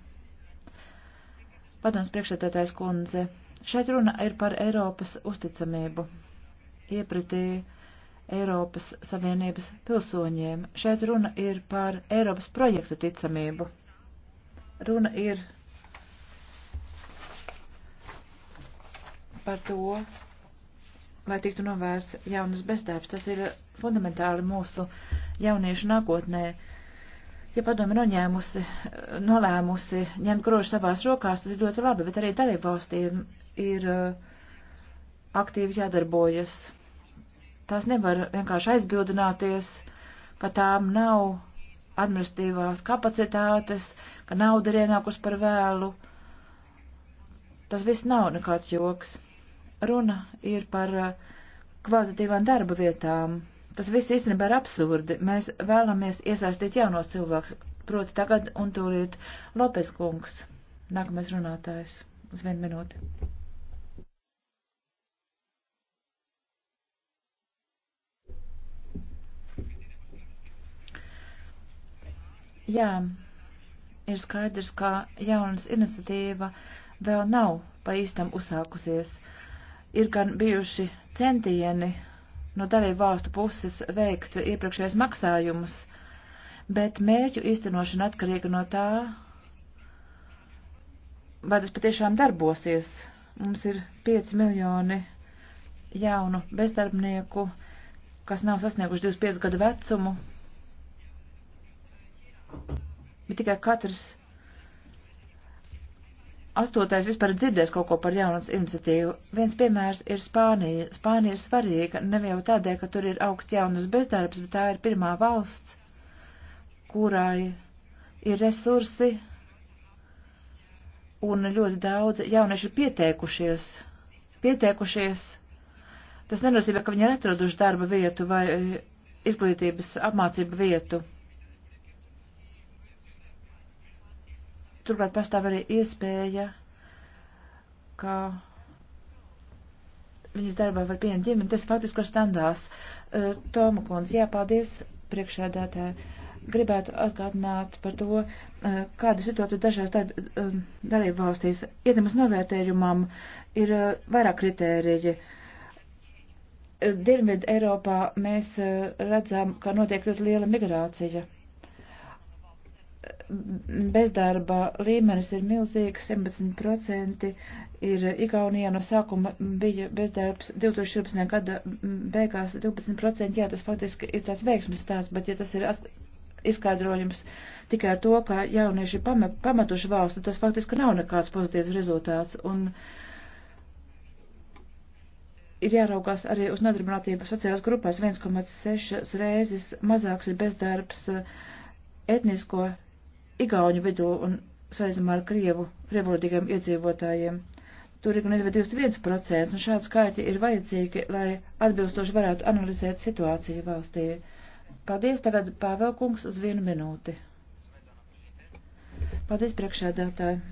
Padoms priekšsēdētājs kundze. Šeit runa ir par Eiropas uzticamību. Iepratī Eiropas Savienības pilsoņiem. Šeit runa ir par Eiropas projekta ticamību. Runa ir par to, lai tiktu novērsts jaunas bezdarbs. Tas ir fundamentāli mūsu jauniešu nākotnē. Ja padomi noņēmusi, nolēmusi ņemt grožu savās rokās, tas ir ļoti labi, bet arī dalībvalstīm ir uh, aktīvi jādarbojas. Tās nevar vienkārši aizbildināties, ka tām nav administratīvās kapacitātes, ka nauda ir ienākus par vēlu. Tas viss nav nekāds joks runa ir par uh, kvalitatīvām darba vietām. Tas viss īstenībā ir absurdi. Mēs vēlamies iesaistīt jaunos cilvēkus, proti tagad un tūlīt Lopes kungs. Nākamais runātājs uz vienu minūti. Jā, ir skaidrs, ka jaunas iniciatīva vēl nav pa īstam uzsākusies. Uh, Ir gan bijuši centieni no dalību valstu puses veikt iepriekšējos maksājumus, bet mērķu īstenošana atkarīga no tā, vai tas patiešām darbosies. Mums ir 5 miljoni jaunu bezdarbnieku, kas nav sasnieguši 25 gadu vecumu, bet tikai katrs astotais vispār dzirdēs kaut ko par jaunas iniciatīvu. Viens piemērs ir Spānija. Spānija ir svarīga ne jau tādēļ, ka tur ir augsts jaunas bezdarbs, bet tā ir pirmā valsts, kurai ir resursi un ļoti daudz jaunieši ir pieteikušies. Pieteikušies. Tas nenozīmē, ka viņi ir atraduši darba vietu vai eh, izglītības apmācību vietu. turklāt pastāv arī iespēja, ka viņas darbā var pieņemt ģimeni. Tas faktiski ir standās. E, Toma Kons, jā, paldies priekšēdētāji. Gribētu atgādināt par to, e, kāda situācija dažās e, darību valstīs. Ietekmes novērtējumam ir vairāk kritēriji. Dienvidu Eiropā mēs redzam, ka notiek ļoti liela migrācija bezdarba līmenis ir milzīgs, 17% ir Igaunijā no sākuma bija bezdarbs 2014. gada beigās 12%, jā, tas faktiski ir tāds veiksmes stāsts, bet ja tas ir at, izskaidrojums tikai ar to, ka jaunieši pamet, pametuši valstu, tas faktiski nav nekāds pozitīvs rezultāts. Un, uh, ir jāraugās arī uz nodarbinātību sociālās grupās 1,6 reizes mazāks ir bezdarbs eh, etnisko igauņu vidū un salīdzinām ar krievu, krievolodīgiem iedzīvotājiem. Tur ir gan izvēl 21%, un šādi skaiti ir vajadzīgi, lai atbilstoši varētu analizēt situāciju valstī. Paldies tagad Pāvelkungs uz vienu minūti. Paldies priekšādātāji.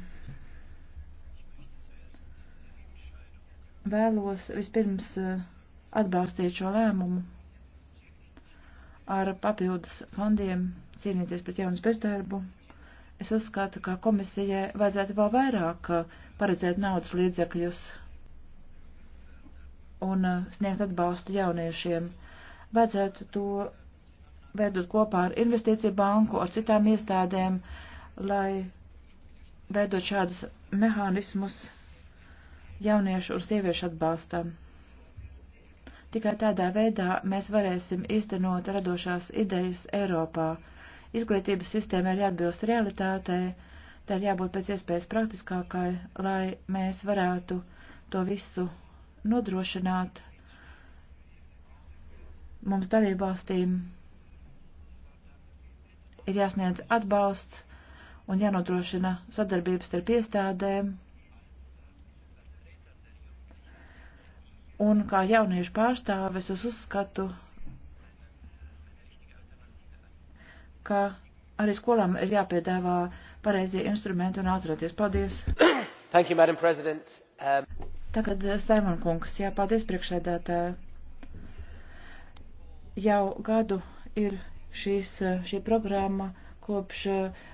Vēlos vispirms eh, atbalstīt šo lēmumu ar papildus fondiem cīnīties pret jaunas bezdarbu. Es uzskatu, ka komisijai vajadzētu vēl vairāk uh, paredzēt naudas līdzekļus un uh, sniegt atbalstu jauniešiem. Vajadzētu to veidot kopā ar investīciju banku, ar citām iestādēm, lai veidot šādus mehānismus jauniešu un sieviešu atbalstam. Tikai tādā veidā mēs varēsim iztenot radošās idejas Eiropā. Izglītības sistēma ir jāatbilst realitātei, tā ir jābūt pēc iespējas praktiskākai, lai mēs varētu to visu nodrošināt mums dalībvalstīm. Ir jāsniedz atbalsts un jānodrošina sadarbības starp iestādēm. Un kā jauniešu pārstāves uz uzskatu ka arī skolām ir jāpiedāvā pareizie instrumenti un atcerēties. Paldies! Thank you, Madam President. Um... Tagad eh, Saimon kungs, jā, paldies priekšēdētāji. Jau gadu ir šīs, eh, šī programma kopš uh,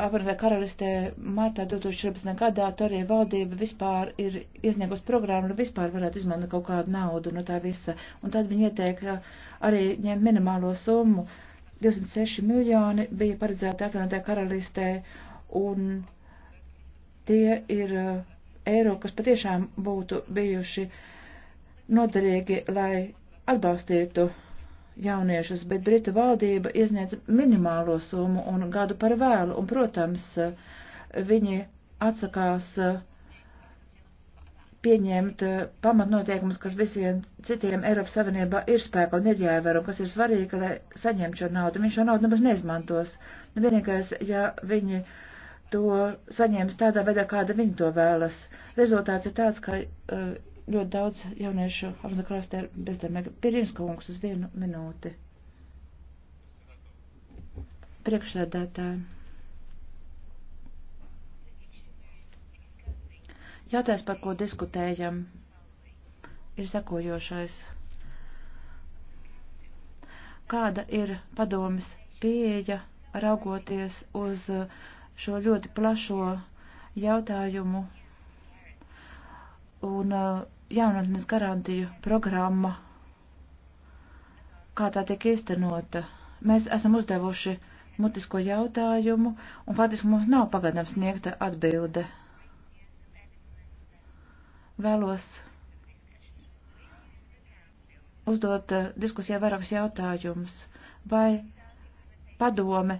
apvienotā karalistē martā 2014. gadā tur arī valdība vispār ir iesniegus programmu, nu vispār varētu izmantot kaut kādu naudu no tā visa. Un tad viņi ieteika arī ņemt minimālo summu. Uh, 206 miljoni bija paredzēti apvienotā karalistē, un tie ir eh, eiro, kas patiešām būtu bijuši noderīgi, lai atbalstītu jauniešus, bet Britu valdība iesniedz minimālo summu un gadu par vēlu, un, protams, eh, viņi atsakās uh, pieņemt eh, pamatnoteikumus, kas visiem citiem Eiropas Savienībā ir spēkā un ir jāievēro, kas ir svarīgi, lai saņemtu šo naudu. Viņš šo naudu nemaz neizmantos. Nu, vienīgais, ja viņi to saņems tādā veidā, kāda viņi to vēlas. Rezultāts ir tāds, ka eh, ļoti daudz jauniešu apmeklēstē bezdarbnieku. Pirins kungs uz vienu minūti. Priekšsēdētāji. Jautājums, par ko diskutējam, ir sekojošais. Kāda ir padomas pieeja raugoties uz šo ļoti plašo jautājumu un uh, jaunatnes garantiju programma, kā tā tiek īstenota. Mēs esam uzdevuši mutisko jautājumu, un faktiski mums nav pagadām sniegta atbilde vēlos uzdot eh, diskusijā vairākus jautājumus. Vai padome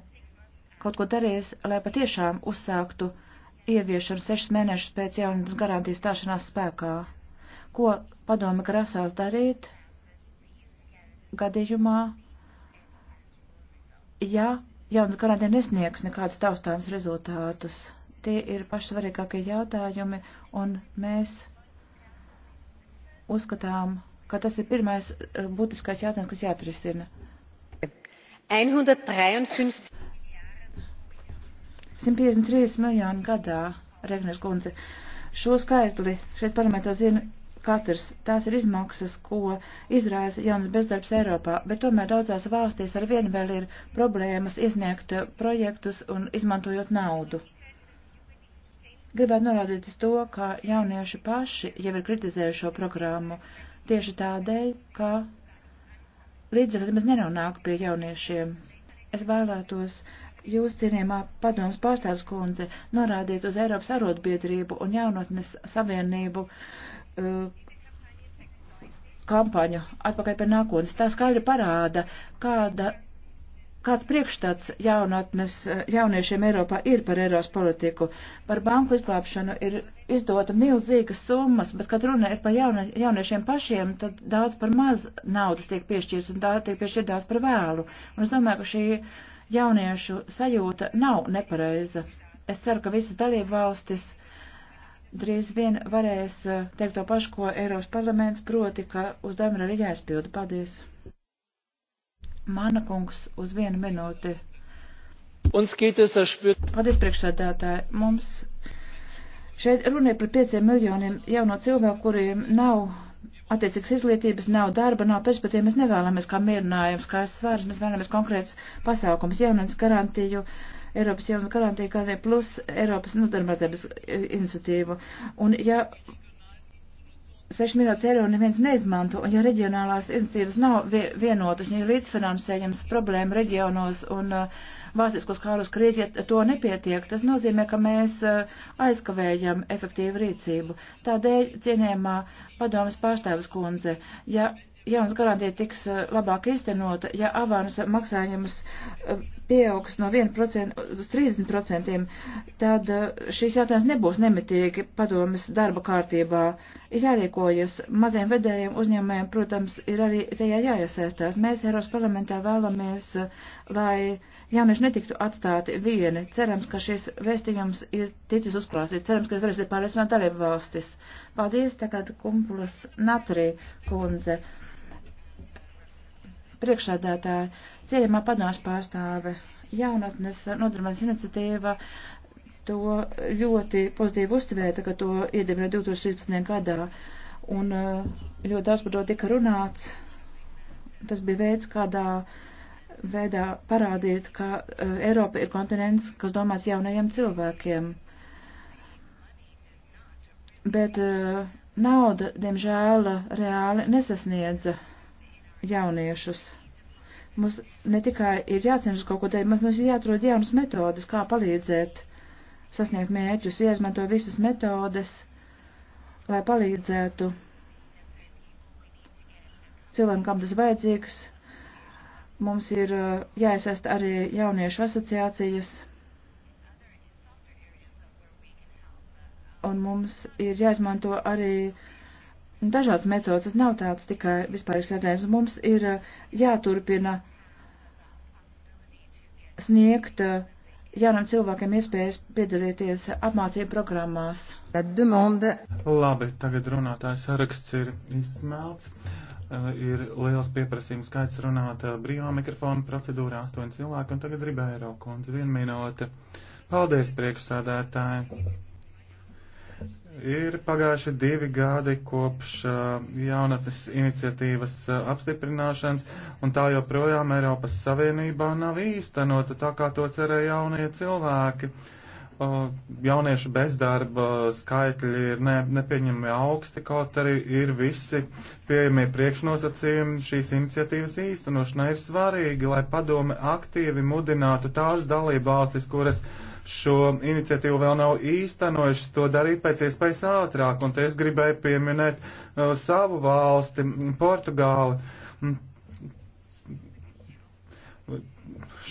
kaut ko darīs, lai patiešām uzsāktu ieviešanu sešas mēnešus pēc jaunības garantijas stāšanās spēkā? Ko padome grasās darīt gadījumā, ja jaunas garantija nesniegs nekādus taustāms rezultātus? Tie ir pašsvarīgākie jautājumi, un mēs uzskatām, ka tas ir pirmais eh, būtiskais jautājums, kas jāatrisina. 153, 153 miljoni gadā, Regners Gunze. Šo skaitli šeit parlamentā zina katrs. Tās ir izmaksas, ko izraisa jaunas bezdarbs Eiropā, bet tomēr daudzās valstīs ar vienu vēl ir problēmas iesniegt projektus un izmantojot naudu. Gribētu norādīt uz to, ka jaunieši paši jau ir kritizējuši šo programmu tieši tādēļ, ka līdzekļi nemaz nenonāk pie jauniešiem. Es vēlētos jūs, cienījumā padomus pārstāvs kundze, norādīt uz Eiropas arotbiedrību un jaunotnes savienību uh, kampaņu atpakaļ pie nākotnes. Tā skaļi parāda, kāda kāds priekšstats jaunatnes, jauniešiem Eiropā ir par Eiropas politiku. Par banku izglābšanu ir izdota milzīgas summas, bet, kad runa ir par jauna, jauniešiem pašiem, tad daudz par maz naudas tiek piešķirts un tā tiek piešķirt daudz par vēlu. Un es domāju, ka šī jauniešu sajūta nav nepareiza. Es ceru, ka visas dalība valstis drīz vien varēs eh, teikt to pašu, ko Eiropas parlaments proti, ka uzdevumi ir jāizpilda. Paldies! Mana kungs uz vienu minūti. Paldies, priekšsēdētāji. Mums šeit runa ir par pieciem miljoniem jauno cilvēku, kuriem nav attiecīgas izglītības, nav darba, nav perspektīvas. Mēs nevēlamies kā mierinājums, kā svārs, mēs vēlamies konkrēts pasākums, jaunas garantiju. Eiropas jaunas garantija kādai plus Eiropas nodarbinātības iniciatīvu. Un ja 6 minūtes eiro neviens neizmanto, un ja reģionālās iniciatīvas nav vienotas, ja līdzfinansējums problēma reģionos un uh, valstiskos kārus krīzi, ja to nepietiek, tas nozīmē, ka mēs uh, aizkavējam efektīvu rīcību. Tādēļ, cienējamā padomas pārstāvis kundze, ja jaunas garantija tiks eh, labāk īstenota, ja avānas maksājumus eh, pieaugs no 1% uz 30%, tad eh, šīs jautājums nebūs nemitīgi padomas darba kārtībā. Ir jārīkojas maziem vedējiem uzņēmējiem, protams, ir arī tajā jāiesaistās. Mēs Eiros parlamentā vēlamies, lai jaunieši netiktu atstāti vieni. Cerams, ka šis vēstījums ir ticis uzklāstīts. Cerams, ka varēsiet pārliecināt dalību valstis. Paldies, tagad kumpulas Natrī kundze priekšsēdētāji, cienījumā padās pārstāve, jaunatnes nodarbības iniciatīva to ļoti pozitīvi uztvēra, ka to iedibināja 2016. gadā, un eh, ļoti daudz par to tika runāts. Tas bija veids, kādā veidā parādīt, ka eh, Eiropa ir kontinents, kas domāts jaunajiem cilvēkiem. Bet eh, nauda, diemžēl, reāli nesasniedza jauniešus. Mums ne tikai ir jācenšas kaut ko darīt, bet mums ir jāatrod jaunas metodas, kā palīdzēt sasniegt mērķus, jāizmanto visas metodes, lai palīdzētu cilvēkam, kam tas vajadzīgs. Mums ir uh, jāiesaist arī jauniešu asociācijas. un mums ir jāizmanto arī dažādas metodas, tas nav tāds tikai vispārīgs jautājums. Mums ir jāturpina sniegt jaunam cilvēkiem iespējas piedalīties apmācību programmās. Labi, tagad runātājs saraksts ir izsmelts. Ir liels pieprasījums skaits runāt brīvā mikrofona procedūrā astoņi cilvēki, un tagad Ribeiro kundze vienu minūte. Paldies, priekšsādētāji! Ir pagājuši divi gadi kopš uh, jaunatnes iniciatīvas uh, apstiprināšanas, un tā joprojām Eiropas Savienībā nav īstenota tā, kā to cerēja jaunie cilvēki. Uh, jauniešu bezdarba skaitļi ir ne, nepieņemami augsti, kaut arī ir visi pieejamie priekšnosacījumi šīs iniciatīvas īstenošanai. Ir svarīgi, lai padome aktīvi mudinātu tās dalībvalstis, kuras šo iniciatīvu vēl nav īstenojušas, to darīt pēc iespējas ātrāk. Un te es gribēju pieminēt uh, savu valsti, Portugāli.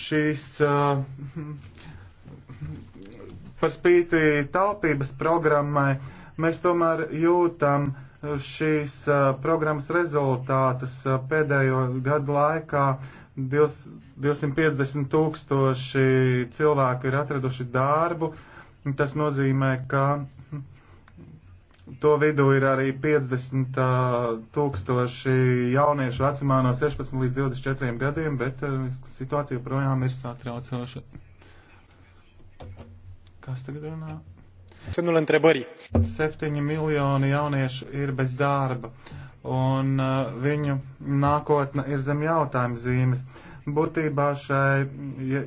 Šīs uh, par spīti taupības programmai mēs tomēr jūtam šīs uh, programmas rezultātus uh, pēdējo gadu laikā. Uh, 250 tūkstoši cilvēku ir atraduši darbu. Tas nozīmē, ka to vidū ir arī 50 tūkstoši jauniešu vecumā no 16 līdz 24 gadiem, bet situācija joprojām ir satraucoša. Kas tagad runā? Semnul întrebării. 7 miljoni jauniešu ir bez darba un uh, viņu nākotne ir zem jautājuma zīmes. Būtībā šai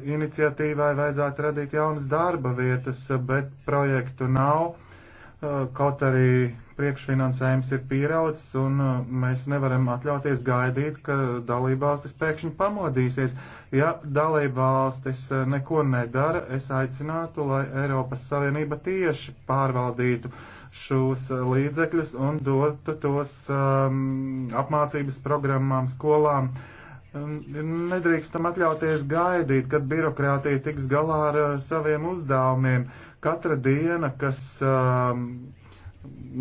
iniciatīvai vajadzētu radīt jaunas darba vietas, uh, bet projektu nav, uh, kaut arī priekšfinansējums ir pīraudzis, un mēs nevaram atļauties gaidīt, ka dalībvalstis pēkšņi pamodīsies. Ja dalībvalstis neko nedara, es aicinātu, lai Eiropas Savienība tieši pārvaldītu uh, šos eh, līdzekļus un dotu tos um, apmācības programmām, skolām. Um, nedrīkstam atļauties gaidīt, kad birokrātija tiks galā ar uh, saviem uzdevumiem. Katra diena, kas um,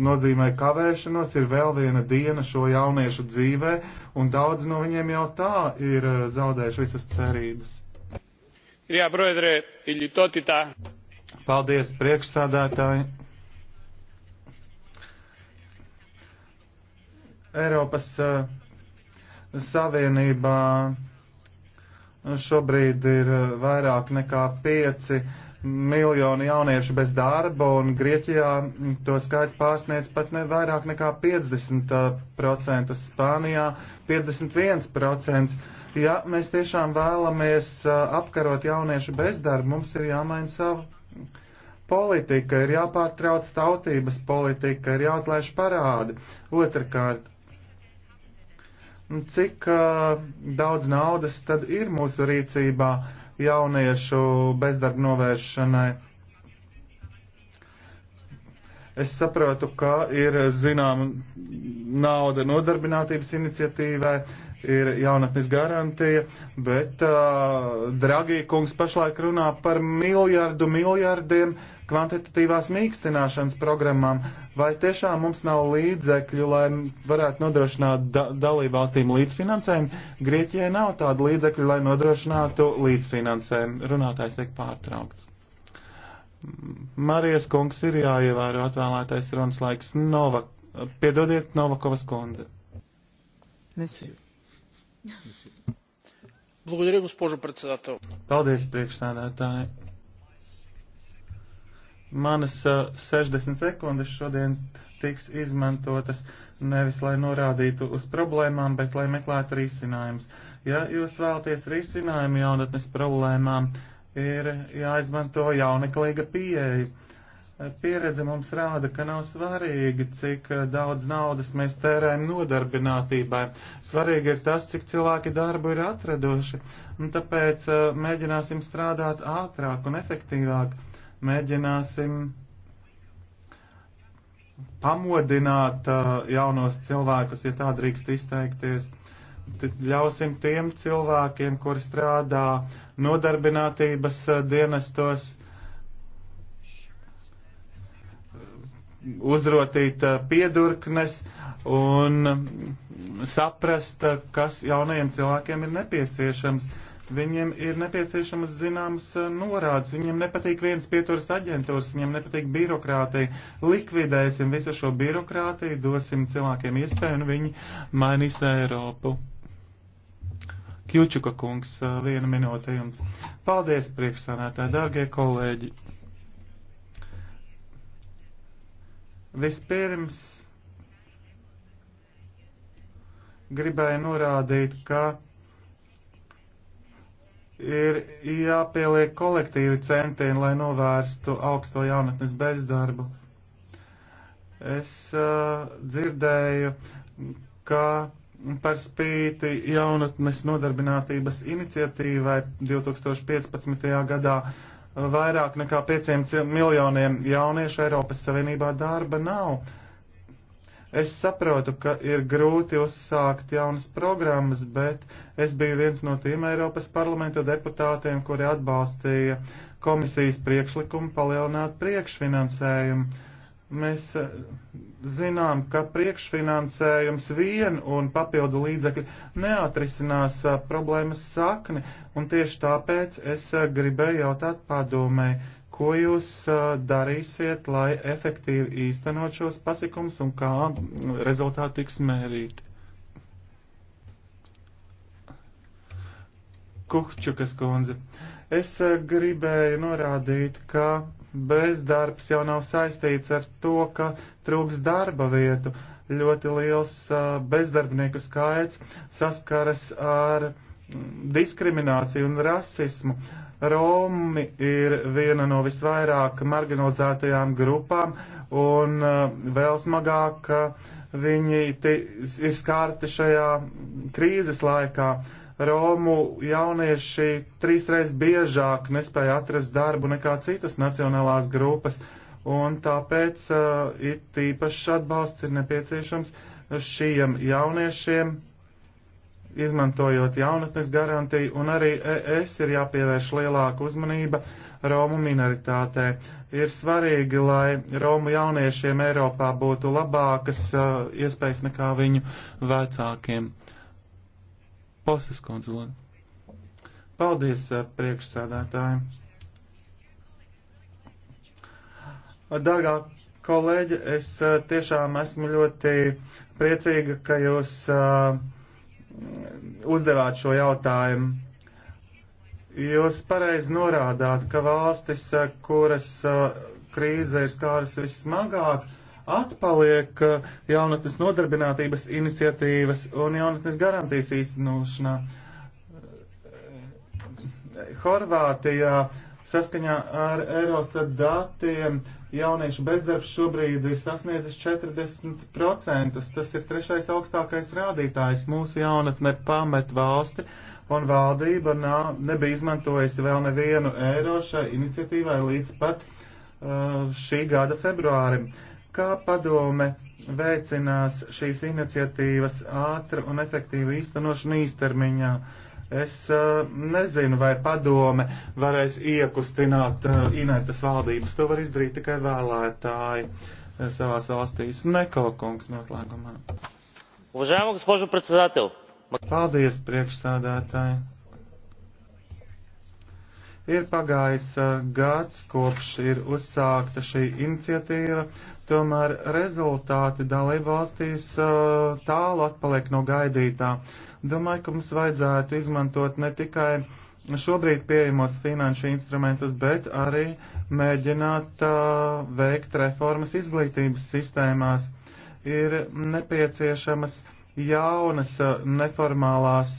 nozīmē kavēšanos, ir vēl viena diena šo jauniešu dzīvē, un daudz no viņiem jau tā ir uh, zaudējuši visas cerības. Paldies, priekšsādātāji! Eiropas eh, Savienībā eh, šobrīd ir eh, vairāk nekā 5 miljoni jauniešu bez darba, un Grieķijā to skaits pārsniedz pat ne vairāk nekā 50%, Spānijā 51%. Ja mēs tiešām vēlamies apkarot jauniešu bezdarbu, mums ir jāmaina savu politika, ir jāpārtrauc tautības politika, ir jāatlaiž parādi. Otrakārt, cik uh, daudz naudas tad ir mūsu rīcībā jauniešu bezdarba novēršanai Es saprotu, ka ir zināma nauda nodarbinātības iniciatīvai, ir jaunatnes garantija, bet uh, Dragī kungs pašlaik runā par miljardu miljardiem kvantitatīvās mīkstināšanas programmām. Vai tiešām mums nav līdzekļu, lai varētu nodrošināt da dalībvalstīm līdzfinansējumu? Grieķijai nav tādu līdzekļu, lai nodrošinātu līdzfinansējumu. Runātājs tiek pārtraukts. Marijas kungs ir jāievēro atvēlētais runas laiks. Nova, piedodiet, Novakovas kundze. Nesiju. Благодаря, госпожо председател. Paldies, priekšsēdētāji. Manas 60 sekundes šodien tiks izmantotas nevis, lai norādītu uz problēmām, bet lai meklētu risinājumus. Ja jūs vēlaties risinājumu jaunatnes problēmām, uh, ir jāizmanto jauneklīga pieeja. Pieredze mums rāda, ka nav svarīgi, cik daudz naudas mēs tērējam nodarbinātībai. Svarīgi ir tas, cik cilvēki darbu ir atraduši. Un tāpēc eh, mēģināsim strādāt ātrāk un efektīvāk. Mēģināsim pamodināt eh, jaunos cilvēkus, ja tā drīkst izteikties ļausim tiem cilvēkiem, kur strādā nodarbinātības eh, dienestos, uzrotīt eh, piedurknes un saprast, eh, kas jaunajiem cilvēkiem ir nepieciešams. Viņiem ir nepieciešamas zināmas norādes, viņiem nepatīk viens pieturas aģentūras, viņiem nepatīk birokrātija. Likvidēsim visu šo birokrātiju, dosim cilvēkiem iespēju un viņi mainīs Eiropu. Kjučuka kungs, viena minūte jums. Paldies, priekšsādātāji, dārgie kolēģi. Vispirms gribēju norādīt, ka ir jāpieliek kolektīvi centieni, lai novērstu augsto jaunatnes bezdarbu. Es uh, dzirdēju, ka Par spīti jaunatnes nodarbinātības iniciatīvai 2015. gadā vairāk nekā 500 miljoniem jauniešu Eiropas Savienībā darba nav. Es saprotu, ka ir grūti uzsākt jaunas programmas, bet es biju viens no tiem Eiropas parlamenta deputātiem, kuri atbalstīja komisijas priekšlikumu palielināt priekšfinansējumu. Mēs eh, zinām, ka priekšfinansējums vien un papildu līdzekļi neatrisinās eh, problēmas sakni, un tieši tāpēc es eh, gribēju jautāt padomē, ko jūs darīsiet, lai efektīvi īstenot šos pasakums un kā rezultāti tiks mērīti. Kuhčukas kundze, es gribēju norādīt, ka bezdarbs jau nav saistīts ar to, ka trūks darba vietu. Ļoti liels uh, bezdarbnieku skaits saskaras ar mm, diskrimināciju un rasismu. Romi ir viena no visvairāk marginalizētajām grupām, un uh, vēl smagāk viņi ir skārti šajā mm, krīzes laikā Romu jaunieši trīsreiz biežāk nespēja atrast darbu nekā citas nacionālās grupas, un tāpēc uh, it īpašs atbalsts ir nepieciešams šiem jauniešiem, izmantojot jaunatnes garantiju, un arī es ir jāpievērš lielāka uzmanība Romu minoritātē. Ir svarīgi, lai Romu jauniešiem Eiropā būtu labākas uh, iespējas nekā viņu vecākiem. Uh, Postas konsulē. Paldies eh, priekšsēdētājiem. Dargā kolēģi, es eh, tiešām esmu ļoti priecīga, ka jūs eh, uzdevāt šo jautājumu. Jūs pareizi norādāt, ka valstis, kuras krīze ir skāras vissmagāk, atpaliek jaunatnes nodarbinātības iniciatīvas un jaunatnes garantijas īstenošanā. Horvātijā saskaņā ar Eurostat datiem jauniešu bezdarbs šobrīd ir sasniedzis 40%. Tas ir trešais augstākais rādītājs. Mūsu jaunatne pamet valsti un valdība nav, nebija izmantojusi vēl nevienu eiro šai iniciatīvai līdz pat uh, šī gada februārim. Kā padome veicinās šīs iniciatīvas ātru un efektīvu īstenošanu īstermiņā? Es uh, nezinu, vai padome varēs iekustināt uh, inertas valdības. To var izdarīt tikai vēlētāji uh, savās valstīs. Neko kungs noslēgumā. Уважаема госпожо председател. Paldies, priekšsādātāji. Ir pagājis uh, gads, kopš ir uzsākta šī iniciatīva, tomēr rezultāti dalībvalstīs uh, tālu atpaliek no gaidītā. Domāju, ka mums vajadzētu izmantot ne tikai šobrīd pieejamos finanšu instrumentus, bet arī mēģināt uh, veikt reformas izglītības sistēmās. Ir nepieciešamas uh, jaunas neformālās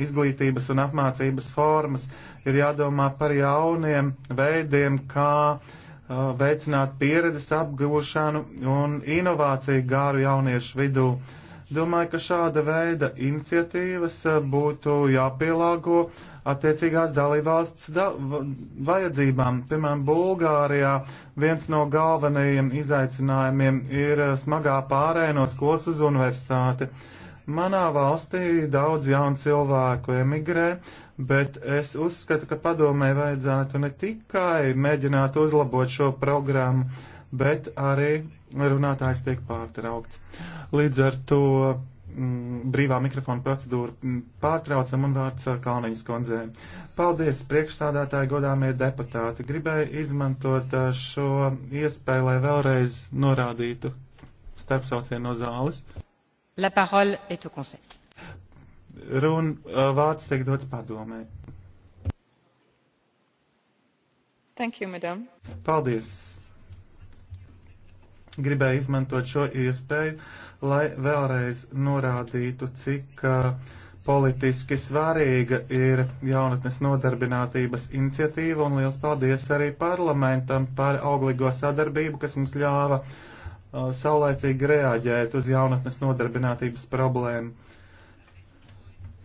izglītības un apmācības formas, ir jādomā par jauniem veidiem, kā veicināt pieredzes apgūšanu un inovāciju gāru jauniešu vidū. Domāju, ka šāda veida iniciatīvas būtu jāpielāgo attiecīgās dalībvalsts da vajadzībām. Piemēram, Bulgārijā viens no galvenajiem izaicinājumiem ir eh, smagā pārē no skolas uz universitāti. Manā valstī daudz jaunu cilvēku emigrē, bet es uzskatu, ka padomē vajadzētu ne tikai mēģināt uzlabot šo programmu, bet arī runātājs tiek pārtraukts. Līdz ar to Mm, brīvā mikrofona procedūru mm, pārtraucam un vārds uh, Kalniņas kundzē. Paldies, priekšstādātāji, godāmie deputāti. Gribēju izmantot uh, šo iespēju, lai vēlreiz norādītu starpsaucienu no zāles. La parole est au conseil. Run, uh, vārds tiek dots padomē. Thank you, madam. Paldies. Gribēju izmantot šo iespēju lai vēlreiz norādītu, cik uh, politiski svarīga ir jaunatnes nodarbinātības iniciatīva, un liels paldies arī parlamentam par auglīgo sadarbību, kas mums ļāva uh, saulēcīgi reaģēt uz jaunatnes nodarbinātības problēmu.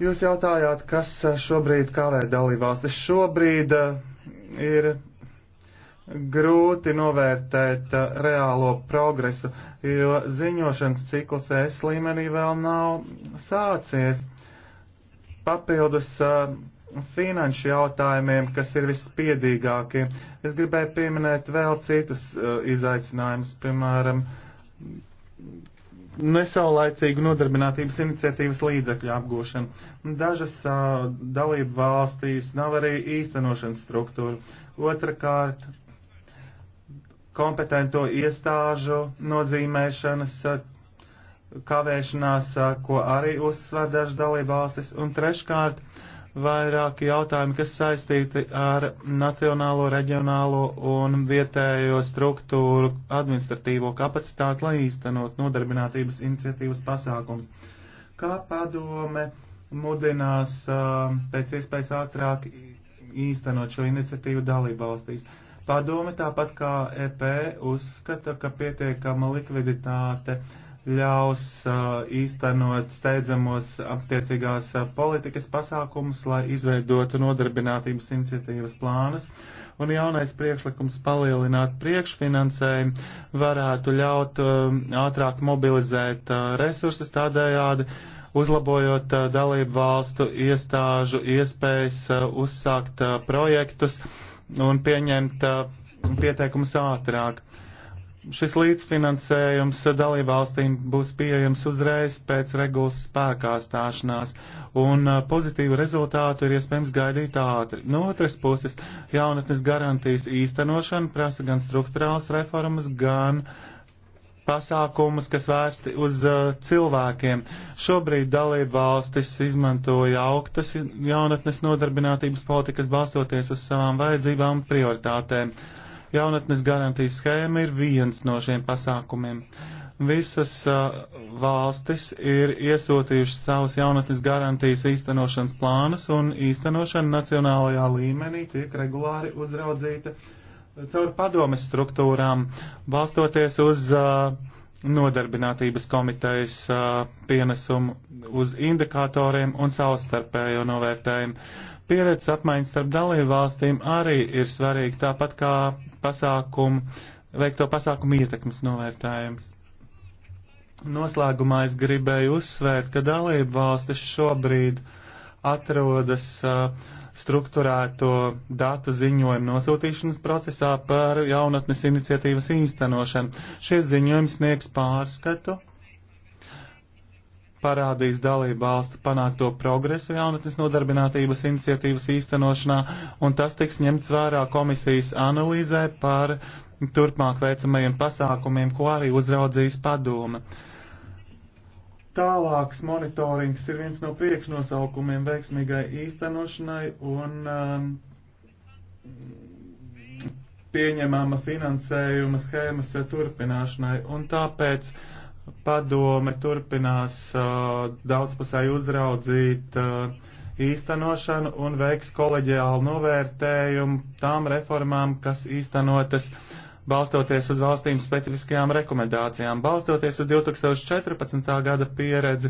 Jūs jautājāt, kas uh, šobrīd kavē dalībvalstis. Šobrīd ir grūti novērtēt eh, reālo progresu, jo ziņošanas cikls S līmenī vēl nav sācies. Papildus uh, finanšu jautājumiem, kas ir vispiedīgākie, es gribēju pieminēt vēl citus uh, izaicinājumus, piemēram, nesaulaicīgu nodarbinātības iniciatīvas līdzekļu apgūšanu. Dažas uh, dalību valstīs nav arī īstenošanas struktūra. Otrakārt, kompetento iestāžu nozīmēšanas kavēšanās, ko arī uzsver dažas dalībvalstis, un treškārt vairāki jautājumi, kas saistīti ar nacionālo, reģionālo un vietējo struktūru administratīvo kapacitāti, lai īstenot nodarbinātības iniciatīvas pasākums. Kā padome mudinās pēc iespējas ātrāk īstenot šo iniciatīvu dalībvalstīs? valstīs? Padome tāpat kā EP uzskata, ka pietiekama likviditāte ļaus uh, īstenot steidzamos attiecīgās uh, politikas pasākumus, lai izveidotu nodarbinātības iniciatīvas plānus, un jaunais priekšlikums palielināt priekšfinansējumu varētu ļaut uh, ātrāk mobilizēt uh, resursus tādējādi, uzlabojot uh, dalību valstu iestāžu iespējas uh, uzsākt uh, projektus. Uh, un pieņemt uh, pieteikumus ātrāk. Šis līdzfinansējums dalībvalstīm būs pieejams uzreiz pēc regulas spēkā stāšanās, un uh, pozitīvu rezultātu ir iespējams gaidīt ātri. No otras puses, jaunatnes garantijas īstenošana prasa gan struktūrāls reformas, gan uh, pasākumus, kas vērsti uz uh, cilvēkiem. Šobrīd dalība valstis izmantoja augtas jaunatnes nodarbinātības politikas balstoties uz savām vajadzībām un prioritātēm. Jaunatnes garantijas schēma ir viens no šiem pasākumiem. Visas uh, valstis ir iesūtījušas savus jaunatnes garantijas īstenošanas plānus, un īstenošana nacionālajā līmenī tiek regulāri uzraudzīta uh, caur padomes struktūrām, balstoties uz uh, nodarbinātības komitejas uh, pienesumu, uz indikatoriem un savstarpējo novērtējumu. Pieredzes apmaiņas starp dalību valstīm arī ir svarīgi, tāpat kā pasākumu, veikto pasākumu ietekmes novērtējums. Noslēgumā es gribēju uzsvērt, ka dalību valstis šobrīd atrodas uh, strukturēto datu ziņojumu nosūtīšanas procesā par jaunatnes iniciatīvas īstenošanu. Šie ziņojumi sniegs pārskatu, parādīs dalību valstu panākto progresu jaunatnes nodarbinātības iniciatīvas īstenošanā, un tas tiks ņemts vērā komisijas analīzē par turpmāk veicamajiem pasākumiem, ko arī uzraudzīs padome. Tālāks monitorings ir viens no priekšnosaukumiem veiksmīgai īstenošanai un um, pieņemama finansējuma schēmas turpināšanai. Un tāpēc padome turpinās uh, daudzpusēji uzraudzīt uh, īstenošanu un veiks koleģiālu novērtējumu tām reformām, kas īstenotas uh, balstoties uz valstīm specifiskajām rekomendācijām, balstoties uz 2014. gada pieredzi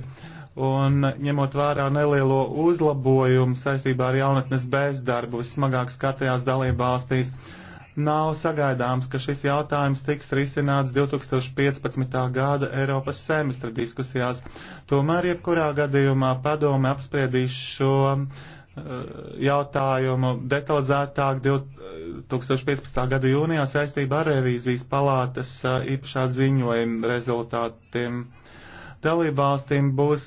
un ņemot vērā nelielo uzlabojumu saistībā ar jaunatnes bezdarbu vismagāk skartajās dalību valstīs. Nav sagaidāms, ka šis jautājums tiks risināts 2015. gada Eiropas semestra diskusijās. Tomēr, jebkurā gadījumā, padome apspriedīs šo Eh, jautājumu detalizētāk 2015. Eh, gada jūnijā saistībā ar revīzijas palātas eh, īpašā ziņojuma rezultātiem. Dalībvalstīm būs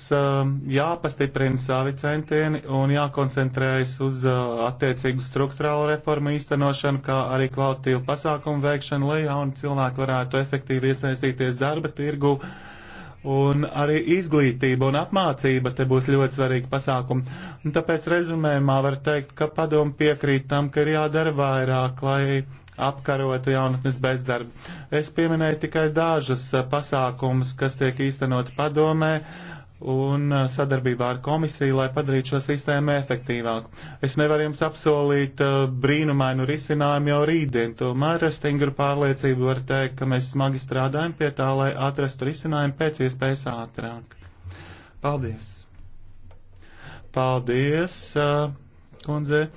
jāpastiprina savi centieni un jākoncentrējas uz attiecīgu struktūrālu reformu īstenošanu, kā arī kvalitīvu pasākumu veikšanu, lai jauni cilvēki varētu efektīvi iesaistīties darba tirgu Un arī izglītība un apmācība te būs ļoti svarīgi pasākumi. Un tāpēc rezumējumā var teikt, ka padomu piekrīt tam, ka ir jādara vairāk, lai apkarotu jaunatnes bezdarbu. Es pieminēju tikai dažas eh, pasākumus, kas tiek īstenot padomē un uh, sadarbībā ar komisiju, lai padarītu šo sistēmu efektīvāku. Es nevaru jums apsolīt uh, brīnumainu risinājumu jau rītdien, tomēr ar stingru pārliecību var teikt, ka mēs smagi strādājam pie tā, lai atrastu risinājumu pēc iespējas ātrāk. Paldies! Paldies, uh, kundze!